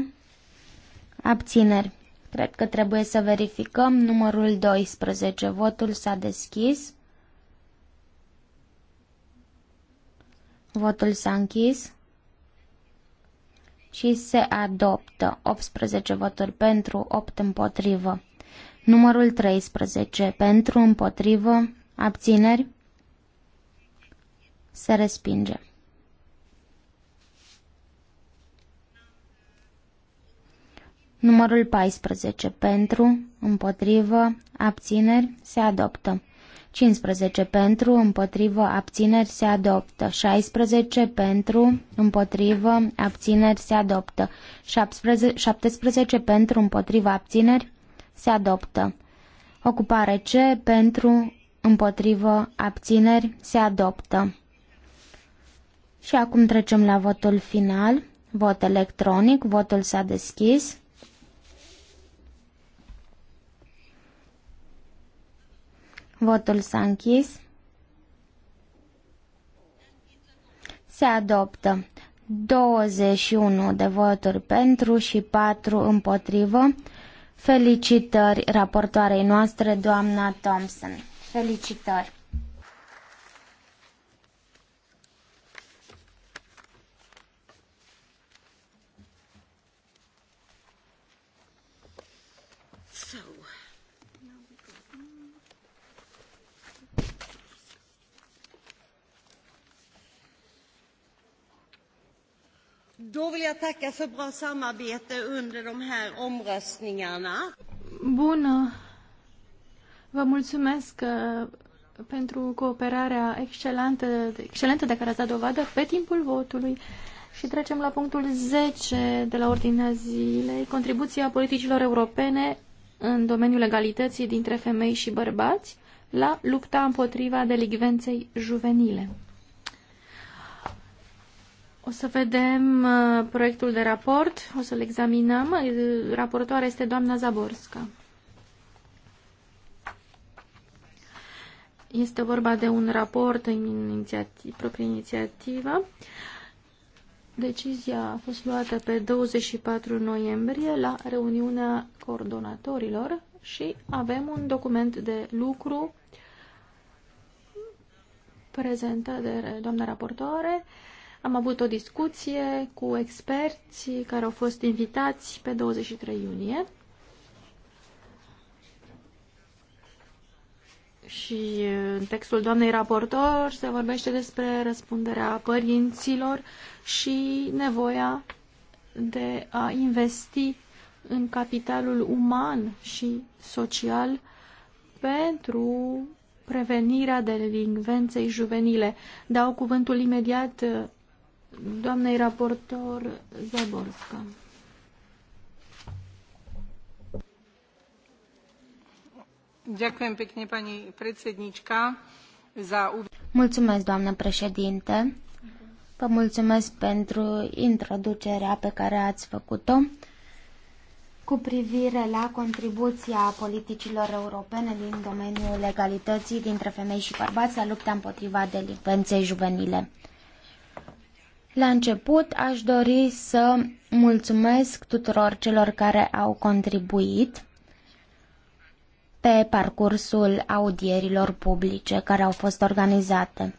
abțineri. Cred că trebuie să verificăm numărul 12. Votul s-a deschis. Votul s-a închis și se adoptă 18 voturi pentru, 8 împotrivă. Numărul 13. Pentru, împotrivă, abțineri, se respinge. Numărul 14. Pentru, împotrivă, abțineri, se adoptă. 15 pentru, împotrivă, abțineri se adoptă. 16 pentru, împotrivă, abțineri se adoptă. 17, pentru, împotrivă, abțineri se adoptă. Ocupare C pentru, împotrivă, abțineri se adoptă. Și acum trecem la votul final. Vot electronic, votul s-a deschis. Votul s-a închis. Se adoptă 21 de voturi pentru și 4 împotrivă. Felicitări raportoarei noastre, doamna Thompson. Felicitări! Då vill jag tacka för bra samarbete under de här omröstningarna. Bună! Vă mulțumesc uh, pentru cooperarea excelentă, excelentă de care ați dat dovadă pe timpul votului. Și trecem la punctul 10 de la ordinea zilei, contribuția politicilor europene în domeniul egalității dintre femei și bărbați la lupta împotriva delicvenței juvenile. O să vedem uh, proiectul de raport, o să-l examinăm. Uh, raportoarea este doamna Zaborska. Este vorba de un raport în inițiativ, proprie inițiativă. Decizia a fost luată pe 24 noiembrie la reuniunea coordonatorilor și avem un document de lucru prezentat de doamna raportoare. Am avut o discuție cu experți care au fost invitați pe 23 iunie și în textul doamnei raportor se vorbește despre răspunderea părinților și nevoia de a investi în capitalul uman și social pentru prevenirea delinvenței juvenile. Dau cuvântul imediat doamnei raportor Zaborska. Ďakujem pekne, pani predsednička, za... Mulțumesc, doamnă președinte. Vă mulțumesc pentru introducerea pe care ați făcut-o cu privire la contribuția politicilor europene din domeniul legalității dintre femei și bărbați la lupta împotriva delinvenței juvenile. La început aș dori să mulțumesc tuturor celor care au contribuit pe parcursul audierilor publice care au fost organizate.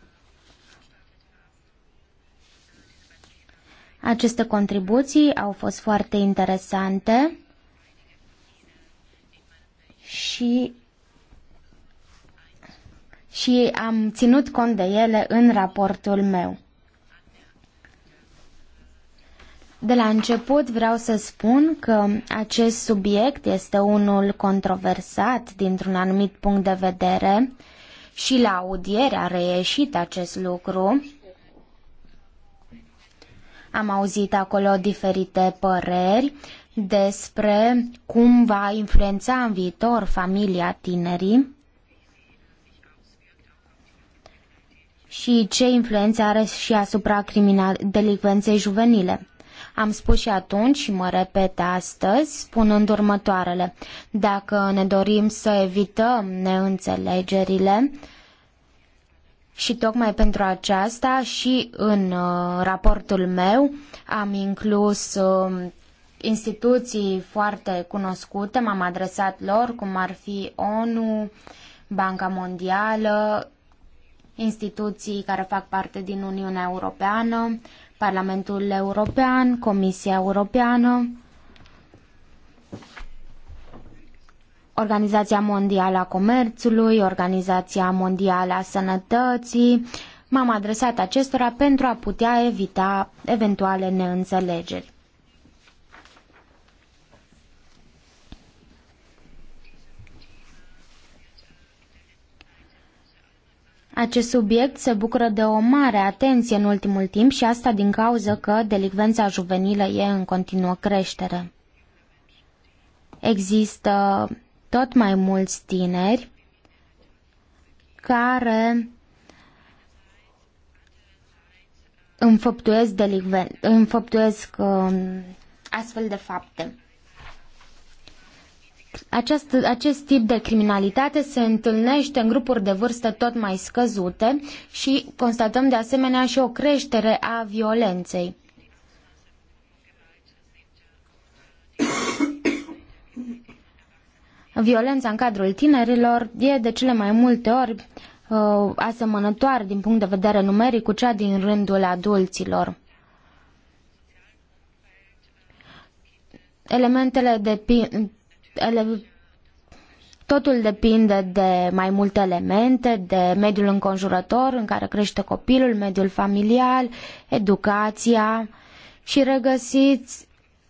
Aceste contribuții au fost foarte interesante și și am ținut cont de ele în raportul meu. De la început vreau să spun că acest subiect este unul controversat dintr-un anumit punct de vedere și la audiere a reieșit acest lucru. Am auzit acolo diferite păreri despre cum va influența în viitor familia tinerii și ce influență are și asupra criminal- delicvenței juvenile. Am spus și atunci și mă repet astăzi, spunând următoarele. Dacă ne dorim să evităm neînțelegerile, și tocmai pentru aceasta și în uh, raportul meu am inclus uh, instituții foarte cunoscute, m-am adresat lor, cum ar fi ONU, Banca Mondială, instituții care fac parte din Uniunea Europeană, Parlamentul European, Comisia Europeană, Organizația Mondială a Comerțului, Organizația Mondială a Sănătății. M-am adresat acestora pentru a putea evita eventuale neînțelegeri. Acest subiect se bucură de o mare atenție în ultimul timp și asta din cauza că delicvența juvenilă e în continuă creștere. Există tot mai mulți tineri care înfăptuiesc, delicven- înfăptuiesc um, astfel de fapte. Acest, acest tip de criminalitate se întâlnește în grupuri de vârstă tot mai scăzute și constatăm de asemenea și o creștere a violenței. Violența în cadrul tinerilor e de cele mai multe ori uh, asemănătoare din punct de vedere numeric cu cea din rândul adulților. Elementele de Totul depinde de mai multe elemente, de mediul înconjurător în care crește copilul, mediul familial, educația și regăsiți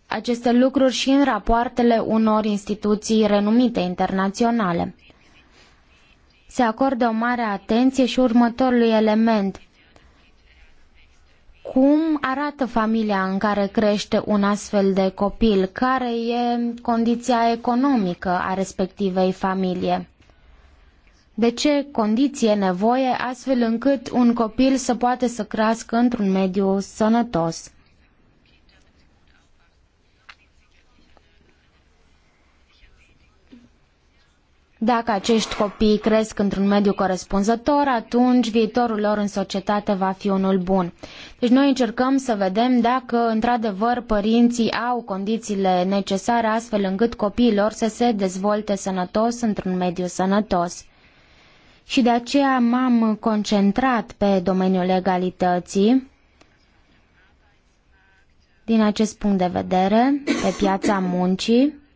aceste lucruri și în rapoartele unor instituții renumite internaționale. Se acordă o mare atenție și următorului element, cum arată familia în care crește un astfel de copil, care e condiția economică a respectivei familie. De ce condiție nevoie astfel încât un copil să poată să crească într-un mediu sănătos? Dacă acești copii cresc într-un mediu corespunzător, atunci viitorul lor în societate va fi unul bun. Deci noi încercăm să vedem dacă într-adevăr părinții au condițiile necesare astfel încât copiilor să se dezvolte sănătos într-un mediu sănătos. Și de aceea m-am concentrat pe domeniul legalității din acest punct de vedere, pe piața muncii,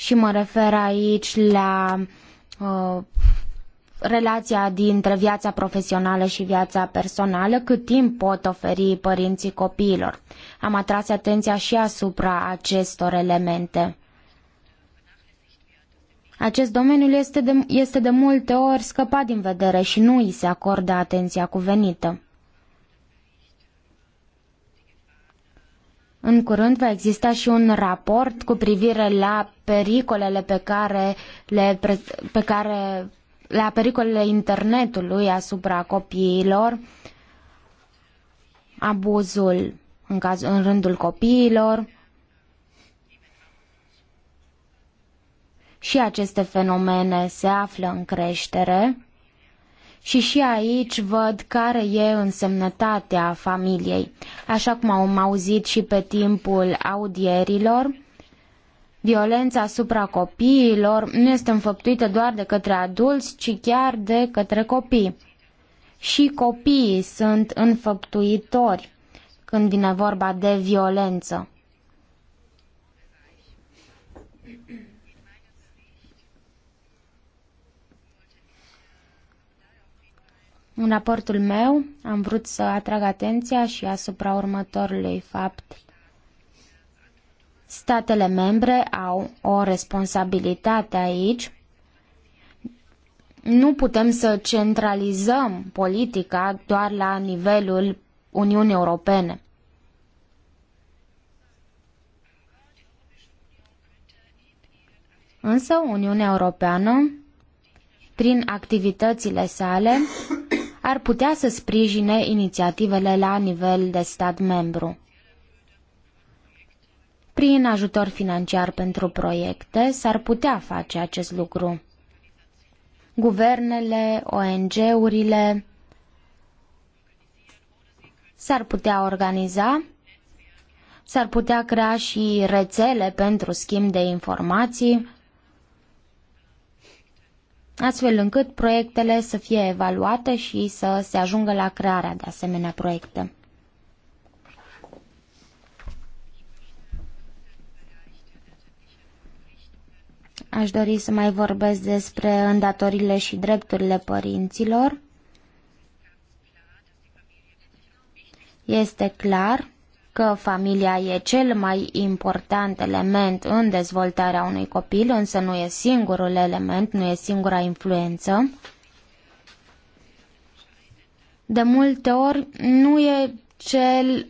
și mă refer aici la uh, relația dintre viața profesională și viața personală, cât timp pot oferi părinții copiilor. Am atras atenția și asupra acestor elemente. Acest domeniu este de, este de multe ori scăpat din vedere și nu îi se acordă atenția cuvenită. În curând va exista și un raport cu privire la pericolele pe care le, pe care, la pericolele internetului asupra copiilor, abuzul în, caz, în rândul copiilor și aceste fenomene se află în creștere. Și și aici văd care e însemnătatea familiei. Așa cum am auzit și pe timpul audierilor, violența asupra copiilor nu este înfăptuită doar de către adulți, ci chiar de către copii. Și copiii sunt înfăptuitori când vine vorba de violență. În raportul meu am vrut să atrag atenția și asupra următorului fapt. Statele membre au o responsabilitate aici. Nu putem să centralizăm politica doar la nivelul Uniunii Europene. Însă Uniunea Europeană prin activitățile sale, ar putea să sprijine inițiativele la nivel de stat membru. Prin ajutor financiar pentru proiecte s-ar putea face acest lucru. Guvernele, ONG-urile s-ar putea organiza, s-ar putea crea și rețele pentru schimb de informații, astfel încât proiectele să fie evaluate și să se ajungă la crearea de asemenea proiecte. Aș dori să mai vorbesc despre îndatorile și drepturile părinților. Este clar că familia e cel mai important element în dezvoltarea unui copil, însă nu e singurul element, nu e singura influență. De multe ori nu e cel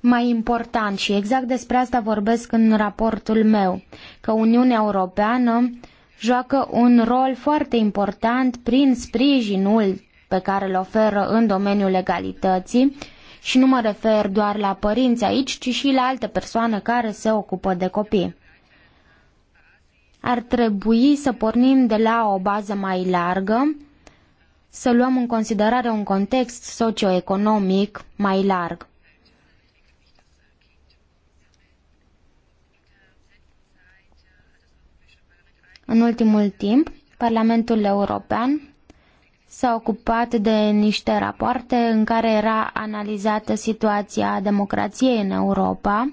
mai important și exact despre asta vorbesc în raportul meu, că Uniunea Europeană joacă un rol foarte important prin sprijinul pe care îl oferă în domeniul legalității și nu mă refer doar la părinți aici, ci și la alte persoane care se ocupă de copii. Ar trebui să pornim de la o bază mai largă, să luăm în considerare un context socioeconomic mai larg. În ultimul timp, Parlamentul European s-a ocupat de niște rapoarte în care era analizată situația democrației în Europa.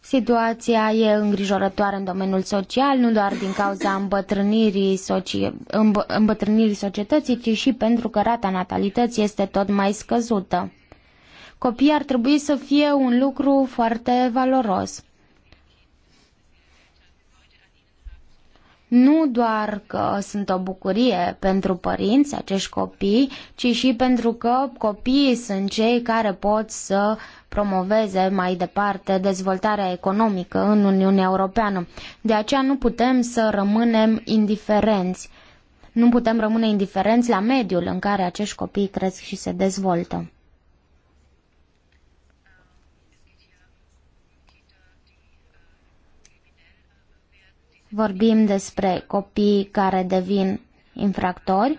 Situația e îngrijorătoare în domeniul social, nu doar din cauza îmbătrânirii, soci- îmb- îmbătrânirii societății, ci și pentru că rata natalității este tot mai scăzută. Copiii ar trebui să fie un lucru foarte valoros. nu doar că sunt o bucurie pentru părinți, acești copii, ci și pentru că copiii sunt cei care pot să promoveze mai departe dezvoltarea economică în Uniunea Europeană. De aceea nu putem să rămânem indiferenți. Nu putem rămâne indiferenți la mediul în care acești copii cresc și se dezvoltă. Vorbim despre copii care devin infractori.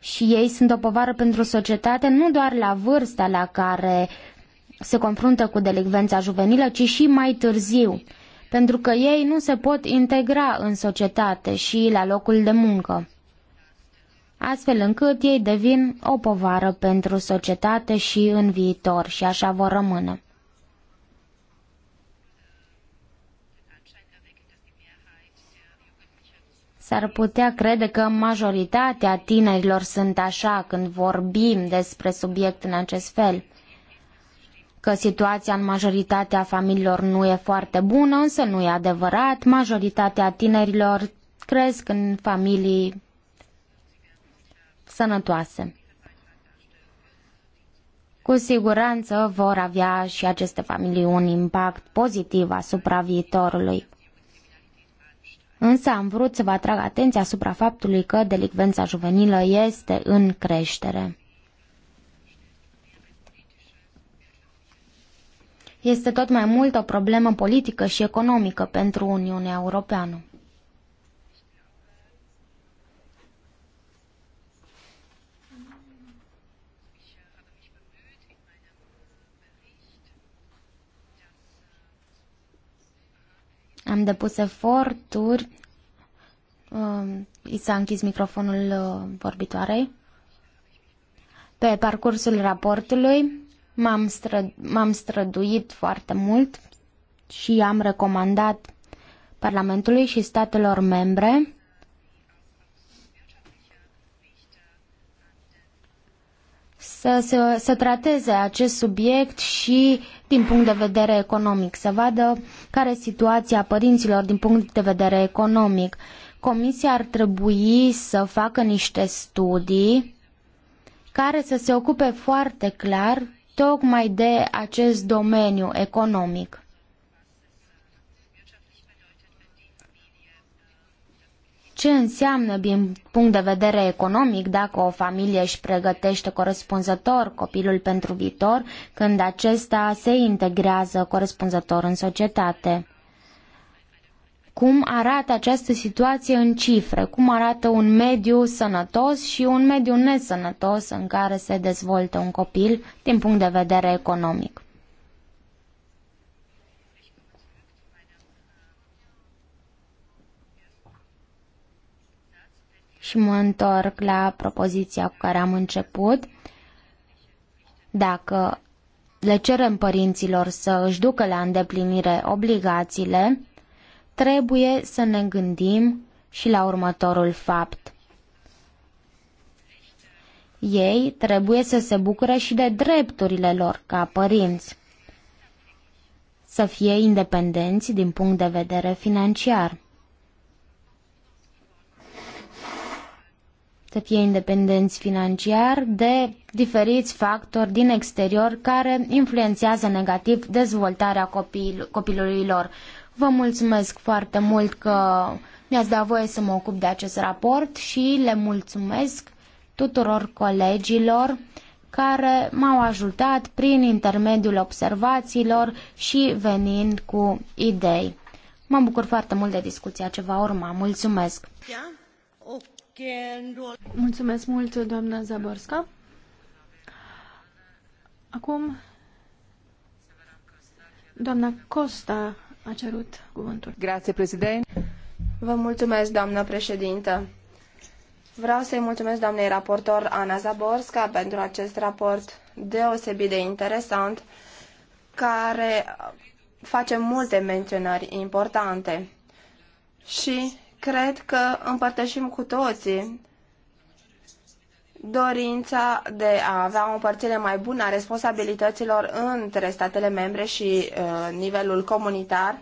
Și ei sunt o povară pentru societate, nu doar la vârsta la care se confruntă cu delicvența juvenilă, ci și mai târziu, pentru că ei nu se pot integra în societate și la locul de muncă astfel încât ei devin o povară pentru societate și în viitor și așa vor rămâne. S-ar putea crede că majoritatea tinerilor sunt așa când vorbim despre subiect în acest fel. Că situația în majoritatea familiilor nu e foarte bună, însă nu e adevărat. Majoritatea tinerilor cresc în familii sănătoase. Cu siguranță vor avea și aceste familii un impact pozitiv asupra viitorului. Însă am vrut să vă atrag atenția asupra faptului că delicvența juvenilă este în creștere. Este tot mai mult o problemă politică și economică pentru Uniunea Europeană. Am depus eforturi. Uh, I s-a închis microfonul uh, vorbitoarei. Pe parcursul raportului m-am, stră, străduit foarte mult și am recomandat Parlamentului și statelor membre să, să, să trateze acest subiect și din punct de vedere economic, să vadă care e situația părinților din punct de vedere economic. Comisia ar trebui să facă niște studii care să se ocupe foarte clar tocmai de acest domeniu economic. ce înseamnă din punct de vedere economic dacă o familie își pregătește corespunzător copilul pentru viitor când acesta se integrează corespunzător în societate. Cum arată această situație în cifre? Cum arată un mediu sănătos și un mediu nesănătos în care se dezvoltă un copil din punct de vedere economic? Și mă întorc la propoziția cu care am început. Dacă le cerem părinților să își ducă la îndeplinire obligațiile, trebuie să ne gândim și la următorul fapt. Ei trebuie să se bucure și de drepturile lor ca părinți, să fie independenți din punct de vedere financiar. să fie independenți financiar de diferiți factori din exterior care influențează negativ dezvoltarea copil, copilului lor. Vă mulțumesc foarte mult că mi-ați dat voie să mă ocup de acest raport și le mulțumesc tuturor colegilor care m-au ajutat prin intermediul observațiilor și venind cu idei. Mă bucur foarte mult de discuția ce va urma. Mulțumesc! Mulțumesc mult, doamna Zaborska. Acum, doamna Costa a cerut cuvântul. Grație, președinte. Vă mulțumesc, doamnă președintă. Vreau să-i mulțumesc doamnei raportor Ana Zaborska pentru acest raport deosebit de interesant, care face multe menționări importante. Și Cred că împărtășim cu toții dorința de a avea o împărțire mai bună a responsabilităților între statele membre și uh, nivelul comunitar,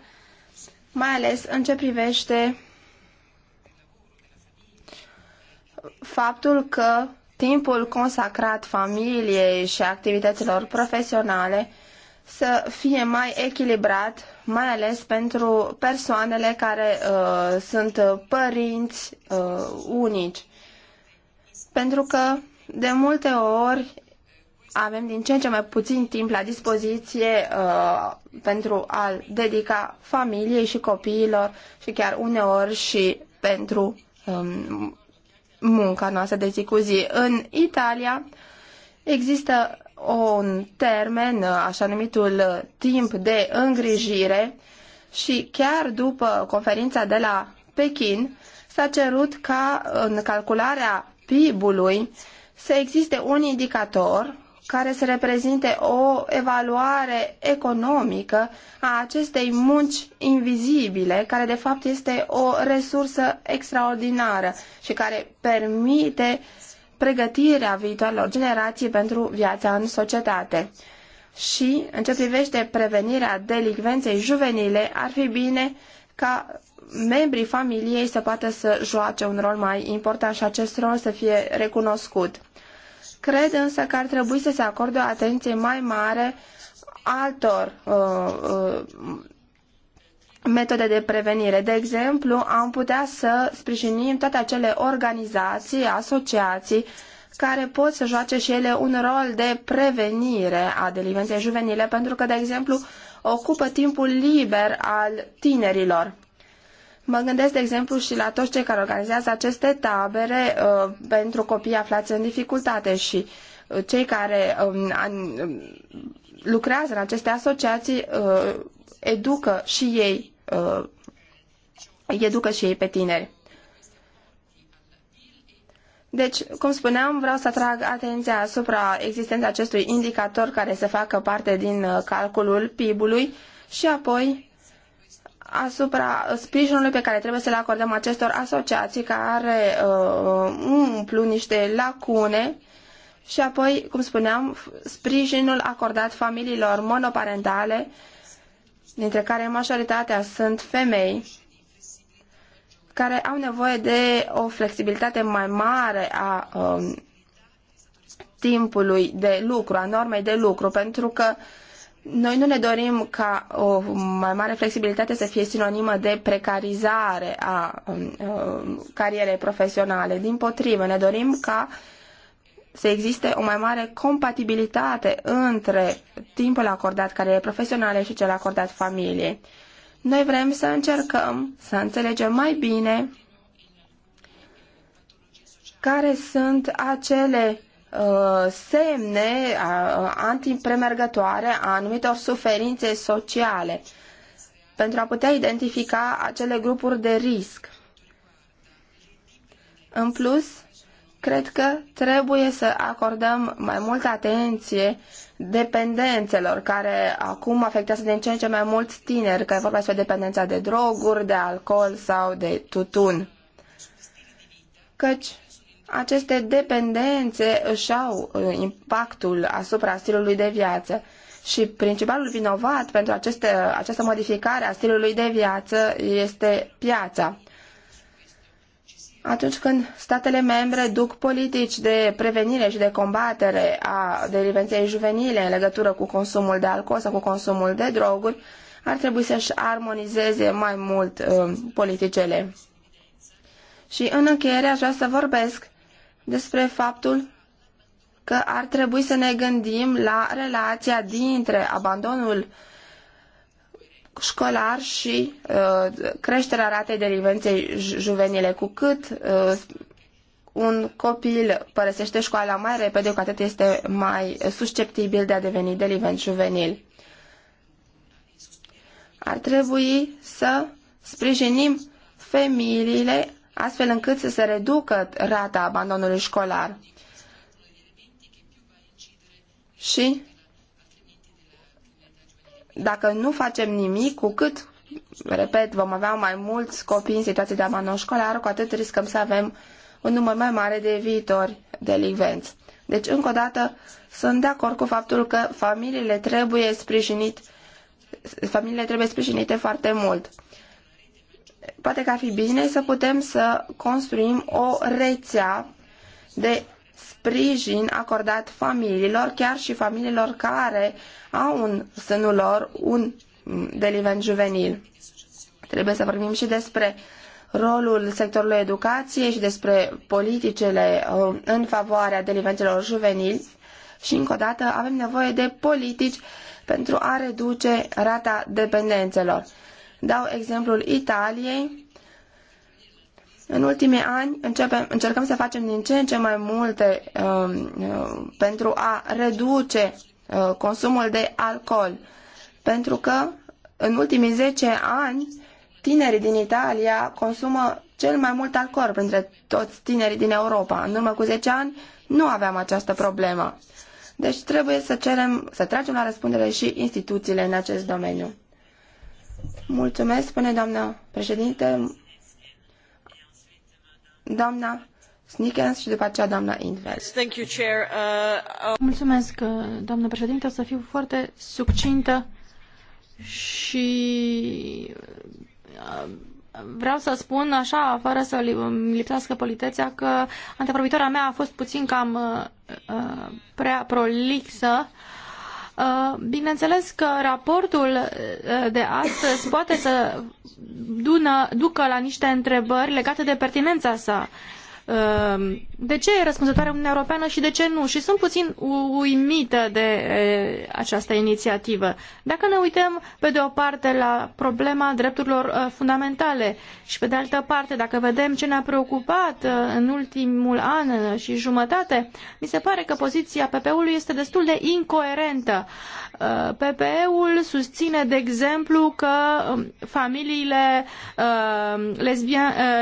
mai ales în ce privește faptul că timpul consacrat familiei și activităților profesionale să fie mai echilibrat, mai ales pentru persoanele care uh, sunt părinți uh, unici. Pentru că de multe ori avem din ce în ce mai puțin timp la dispoziție uh, pentru a dedica familiei și copiilor și chiar uneori și pentru um, munca noastră de zi cu zi. În Italia există un termen, așa numitul timp de îngrijire și chiar după conferința de la Pekin s-a cerut ca în calcularea PIB-ului să existe un indicator care să reprezinte o evaluare economică a acestei munci invizibile, care de fapt este o resursă extraordinară și care permite pregătirea viitoarelor generații pentru viața în societate. Și, în ce privește prevenirea delicvenței juvenile, ar fi bine ca membrii familiei să poată să joace un rol mai important și acest rol să fie recunoscut. Cred însă că ar trebui să se acorde o atenție mai mare altor uh, uh, metode de prevenire. De exemplu, am putea să sprijinim toate acele organizații, asociații care pot să joace și ele un rol de prevenire a delinvenței juvenile, pentru că, de exemplu, ocupă timpul liber al tinerilor. Mă gândesc, de exemplu, și la toți cei care organizează aceste tabere uh, pentru copii aflați în dificultate și uh, cei care um, an, um, lucrează în aceste asociații uh, educă și ei uh, îi educă și ei pe tineri. Deci, cum spuneam, vreau să atrag atenția asupra existenței acestui indicator care să facă parte din uh, calculul PIB-ului și apoi asupra sprijinului pe care trebuie să le acordăm acestor asociații care uh, umplu niște lacune și apoi, cum spuneam, sprijinul acordat familiilor monoparentale uh, dintre care majoritatea sunt femei, care au nevoie de o flexibilitate mai mare a um, timpului de lucru, a normei de lucru, pentru că noi nu ne dorim ca o mai mare flexibilitate să fie sinonimă de precarizare a um, um carierei profesionale. Din potrivă, ne dorim ca uh, să existe o mai mare compatibilitate între timpul acordat carierei profesionale și cel acordat familiei. Noi vrem să încercăm să înțelegem mai bine care sunt acele uh, semne uh, antipremergătoare a anumitor suferințe sociale pentru a putea identifica acele grupuri de risc. În plus, cred că trebuie să acordăm mai multă atenție dependențelor care acum afectează din ce în ce mai mulți tineri, că e vorba despre dependența de droguri, de alcool sau de tutun. Căci aceste dependențe își au uh, impactul asupra stilului de viață și principalul vinovat pentru aceste, această modificare a stilului de viață este piața atunci când statele membre duc politici de prevenire și de combatere a delivenței juvenile în legătură cu consumul de alcool sau cu consumul de droguri, ar trebui să-și armonizeze mai mult uh, politicele. Și în încheiere aș vrea să vorbesc despre faptul că ar trebui să ne gândim la relația dintre abandonul școlar și uh, creșterea ratei delivenței juvenile. Cu cât uh, un copil părăsește școala mai repede, cu atât este mai susceptibil de a deveni delivent juvenil. Ar trebui să sprijinim familiile astfel încât să se reducă rata abandonului școlar. Și dacă nu facem nimic, cu cât, repet, vom avea mai mulți copii în situații de abandon școlar, cu atât riscăm să avem un număr mai mare de viitori delinvenți. Deci, încă o dată, sunt de acord cu faptul că familiile trebuie sprijinit, familiile trebuie sprijinite foarte mult. Poate că ar fi bine să putem să construim o rețea de sprijin acordat familiilor, chiar și familiilor care au în sânul lor un mm, deliven juvenil. Trebuie să vorbim și despre rolul sectorului educației și despre politicele uh, în favoarea delivențelor juvenili și încă o dată avem nevoie de politici pentru a reduce rata dependențelor. Dau exemplul Italiei, în ultimii ani începem, încercăm să facem din ce în ce mai multe uh, uh, pentru a reduce uh, consumul de alcool, pentru că în ultimii zece ani tinerii din Italia consumă cel mai mult alcool printre toți tinerii din Europa. În urmă cu zece ani nu aveam această problemă. Deci trebuie să cerem, să tragem la răspundere și instituțiile în acest domeniu. Mulțumesc, spune doamna președinte, doamna Snickens și după aceea doamna Infeld. Thank you, Chair. Uh, oh. Mulțumesc, uh, doamnă președinte, o să fiu foarte succintă și uh, vreau să spun așa, fără să îmi lipsească politețea, că antevorbitoarea mea a fost puțin cam uh, uh prea prolixă Uh, bineînțeles că raportul uh, de astăzi poate să dună, ducă la niște întrebări legate de pertinența sa Ehm, de ce e răspunzătoare Uniunea Europeană și de ce nu. Și sunt puțin uimită de această inițiativă. Dacă ne uităm, pe de o parte, la problema drepturilor fundamentale și, pe de altă parte, dacă vedem ce ne-a preocupat în ultimul an și jumătate, mi se pare că poziția PPE-ului este destul de incoerentă. PPE-ul susține, de exemplu, că um, familiile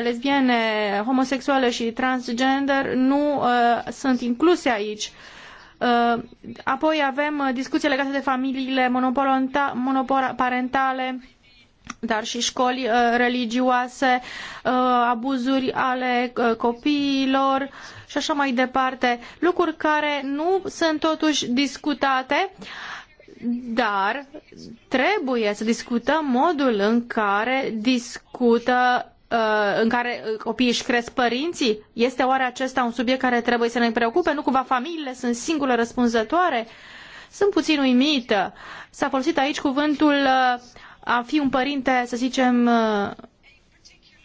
lesbiene, homosexuale și transgender nu uh, sunt incluse aici. Uh, apoi avem uh, discuții legate de familiile monoparentale, dar și școli uh, religioase, uh, abuzuri ale uh, copiilor și așa mai departe. Lucruri care nu sunt totuși discutate dar trebuie să discutăm modul în care discută Uh, în care uh, copiii își cresc părinții? Este oare acesta un subiect care trebuie să ne preocupe? Nu cumva familiile sunt singure răspunzătoare? Sunt puțin uimită. S-a folosit aici cuvântul uh, a fi un părinte, să zicem,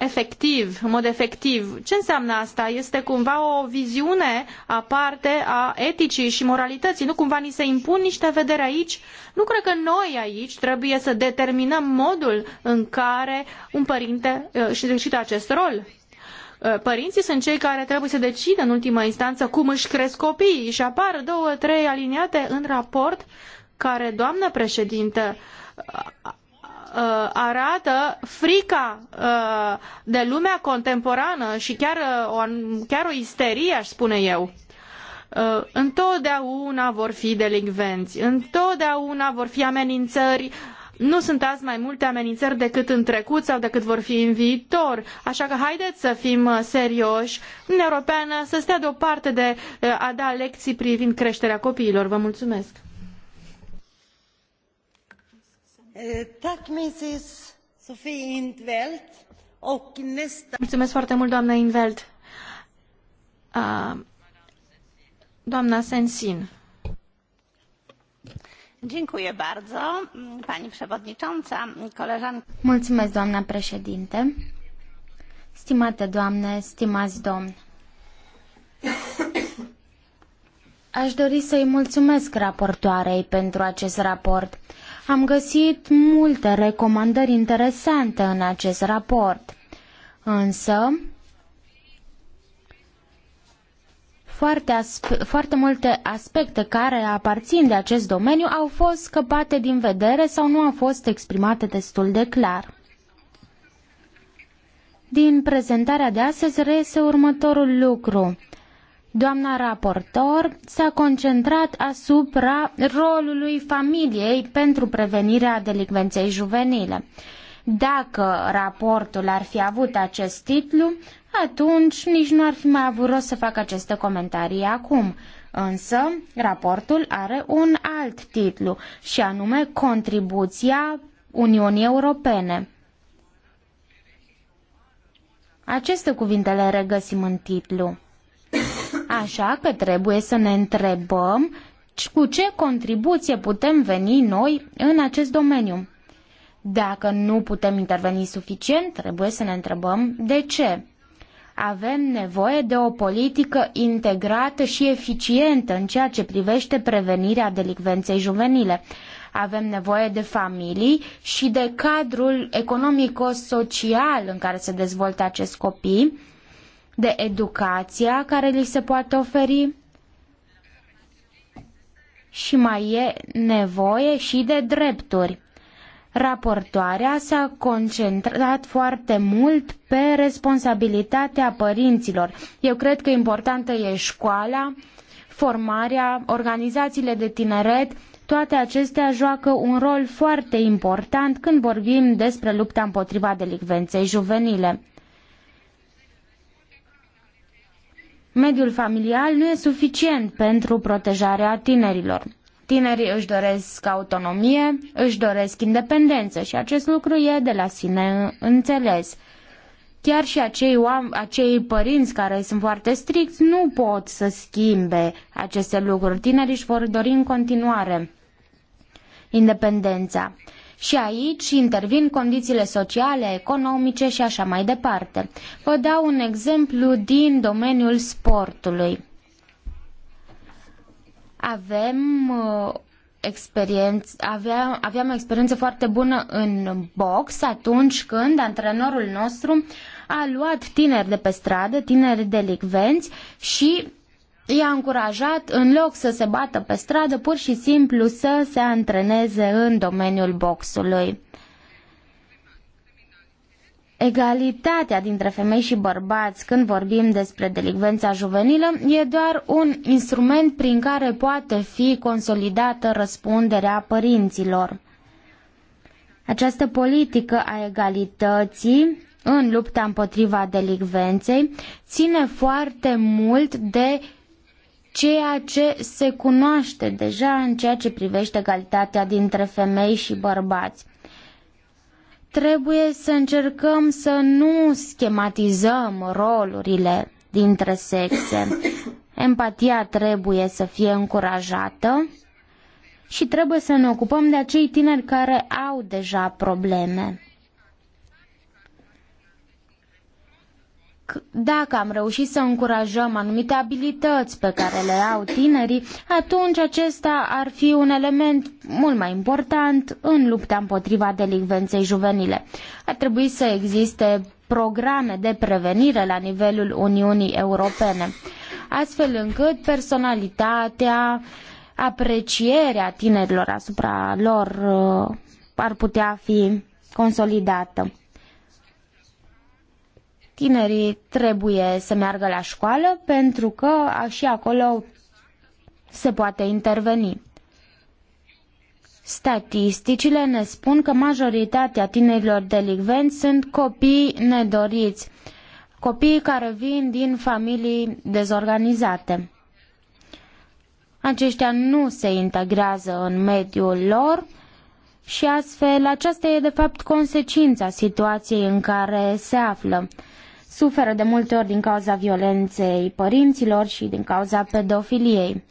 efectiv, în mod efectiv. Ce înseamnă asta? Este cumva o viziune aparte a eticii și moralității. Nu cumva ni se impun niște vederi aici? Nu cred că noi aici trebuie să determinăm modul în care un părinte își uh, exercită acest rol. Uh, părinții sunt cei care trebuie să decidă în ultima instanță cum își cresc copiii și apar două, trei aliniate în raport care, doamnă președintă, uh, arată frica uh, de lumea contemporană și chiar, uh, o, chiar o isterie, aș spune eu. Uh, întotdeauna vor fi delinvenți, întotdeauna vor fi amenințări. Nu sunt azi mai multe amenințări decât în trecut sau decât vor fi în viitor. Așa că haideți să fim uh, serioși. Uniunea Europeană să stea deoparte de uh, a da lecții privind creșterea copiilor. Vă mulțumesc! Eh, mulțumesc foarte mult, doamna Invelt. Ah, doamna Sensin. Mulțumesc, doamna președinte. Stimate doamne, stimați domni. Aș dori să-i mulțumesc raportoarei pentru acest raport. Am găsit multe recomandări interesante în acest raport, însă foarte, foarte multe aspecte care aparțin de acest domeniu au fost scăpate din vedere sau nu au fost exprimate destul de clar. Din prezentarea de astăzi reiese următorul lucru. Doamna raportor s-a concentrat asupra rolului familiei pentru prevenirea delicvenței juvenile. Dacă raportul ar fi avut acest titlu, atunci nici nu ar fi mai avut rost să fac aceste comentarii acum. Însă, raportul are un alt titlu, și anume Contribuția Uniunii Europene. Aceste cuvinte le regăsim în titlu. Așa că trebuie să ne întrebăm cu ce contribuție putem veni noi în acest domeniu. Dacă nu putem interveni suficient, trebuie să ne întrebăm de ce. Avem nevoie de o politică integrată și eficientă în ceea ce privește prevenirea delicvenței juvenile. Avem nevoie de familii și de cadrul economico-social în care se dezvoltă acest copii de educația care li se poate oferi și mai e nevoie și de drepturi. Raportoarea s-a concentrat foarte mult pe responsabilitatea părinților. Eu cred că importantă e școala, formarea, organizațiile de tineret, toate acestea joacă un rol foarte important când vorbim despre lupta împotriva delicvenței juvenile. Mediul familial nu e suficient pentru protejarea tinerilor. Tinerii își doresc autonomie, își doresc independență și acest lucru e de la sine înțeles. Chiar și acei, acei părinți care sunt foarte stricți nu pot să schimbe aceste lucruri. Tinerii își vor dori în continuare independența. Și aici intervin condițiile sociale, economice și așa mai departe. Vă dau un exemplu din domeniul sportului. Avem uh, experiență, aveam, aveam o experiență foarte bună în box atunci când antrenorul nostru a luat tineri de pe stradă, tineri delicvenți și i-a încurajat, în loc să se bată pe stradă, pur și simplu să se antreneze în domeniul boxului. Egalitatea dintre femei și bărbați când vorbim despre delicvența juvenilă e doar un instrument prin care poate fi consolidată răspunderea părinților. Această politică a egalității în lupta împotriva delicvenței ține foarte mult de ceea ce se cunoaște deja în ceea ce privește egalitatea dintre femei și bărbați. Trebuie să încercăm să nu schematizăm rolurile dintre sexe. Empatia trebuie să fie încurajată și trebuie să ne ocupăm de acei tineri care au deja probleme. dacă am reușit să încurajăm anumite abilități pe care le au tinerii, atunci acesta ar fi un element mult mai important în lupta împotriva delinvenței juvenile. Ar trebui să existe programe de prevenire la nivelul Uniunii Europene, astfel încât personalitatea, aprecierea tinerilor asupra lor uh, ar putea fi consolidată. Tinerii trebuie să meargă la școală pentru că și acolo se poate interveni. Statisticile ne spun că majoritatea tinerilor delicvenți sunt copii nedoriți, copii care vin din familii dezorganizate. Aceștia nu se integrează în mediul lor și astfel aceasta e de fapt consecința situației în care se află. Suferă de multe ori din cauza violenței părinților și din cauza pedofiliei.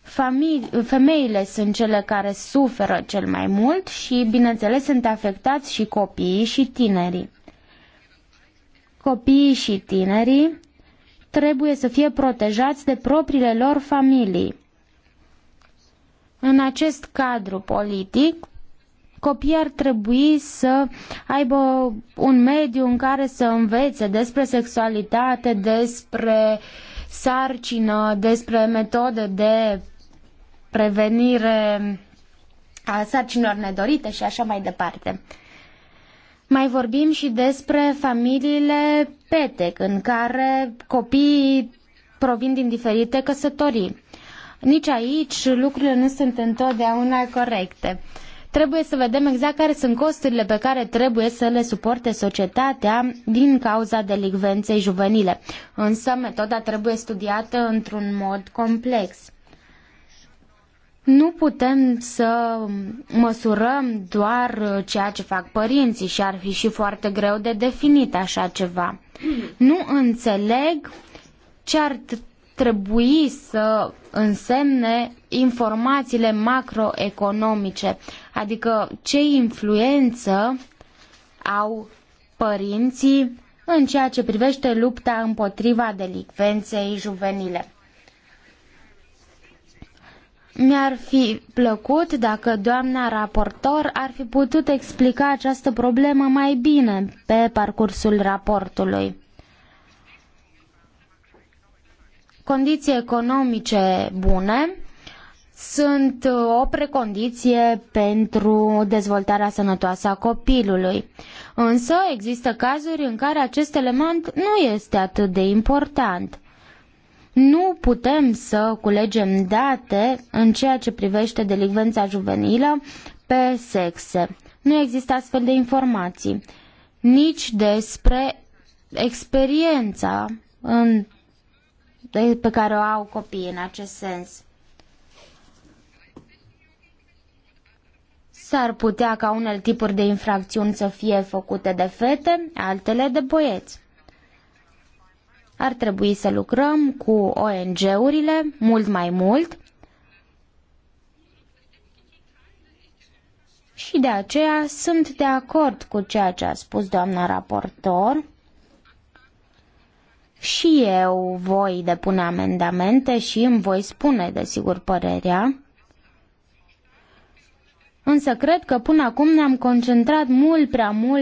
Famili femeile sunt cele care suferă cel mai mult și, bineînțeles, sunt afectați și copiii și tinerii. Copiii și tinerii trebuie să fie protejați de propriile lor familii. În acest cadru politic, Copiii ar trebui să aibă un mediu în care să învețe despre sexualitate, despre sarcină, despre metode de prevenire a sarcinilor nedorite și așa mai departe. Mai vorbim și despre familiile petec, în care copiii provin din diferite căsătorii. Nici aici lucrurile nu sunt întotdeauna corecte. Trebuie să vedem exact care sunt costurile pe care trebuie să le suporte societatea din cauza delicvenței juvenile. Însă metoda trebuie studiată într-un mod complex. Nu putem să măsurăm doar ceea ce fac părinții și ar fi și foarte greu de definit așa ceva. Nu înțeleg ce ar trebui să însemne informațiile macroeconomice Adică ce influență au părinții în ceea ce privește lupta împotriva delicvenței juvenile. Mi-ar fi plăcut dacă doamna raportor ar fi putut explica această problemă mai bine pe parcursul raportului. Condiții economice bune sunt uh, o precondiție pentru dezvoltarea sănătoasă a copilului. Însă există cazuri în care acest element nu este atât de important. Nu putem să culegem date în ceea ce privește delicvența juvenilă pe sexe. Nu există astfel de informații, nici despre experiența în, pe care o au copiii în acest sens. S-ar putea ca unele tipuri de infracțiuni să fie făcute de fete, altele de băieți. Ar trebui să lucrăm cu ONG-urile mult mai mult și de aceea sunt de acord cu ceea ce a spus doamna raportor. Și eu voi depune amendamente și îmi voi spune, desigur, părerea. Însă cred că până acum ne-am concentrat mult prea mult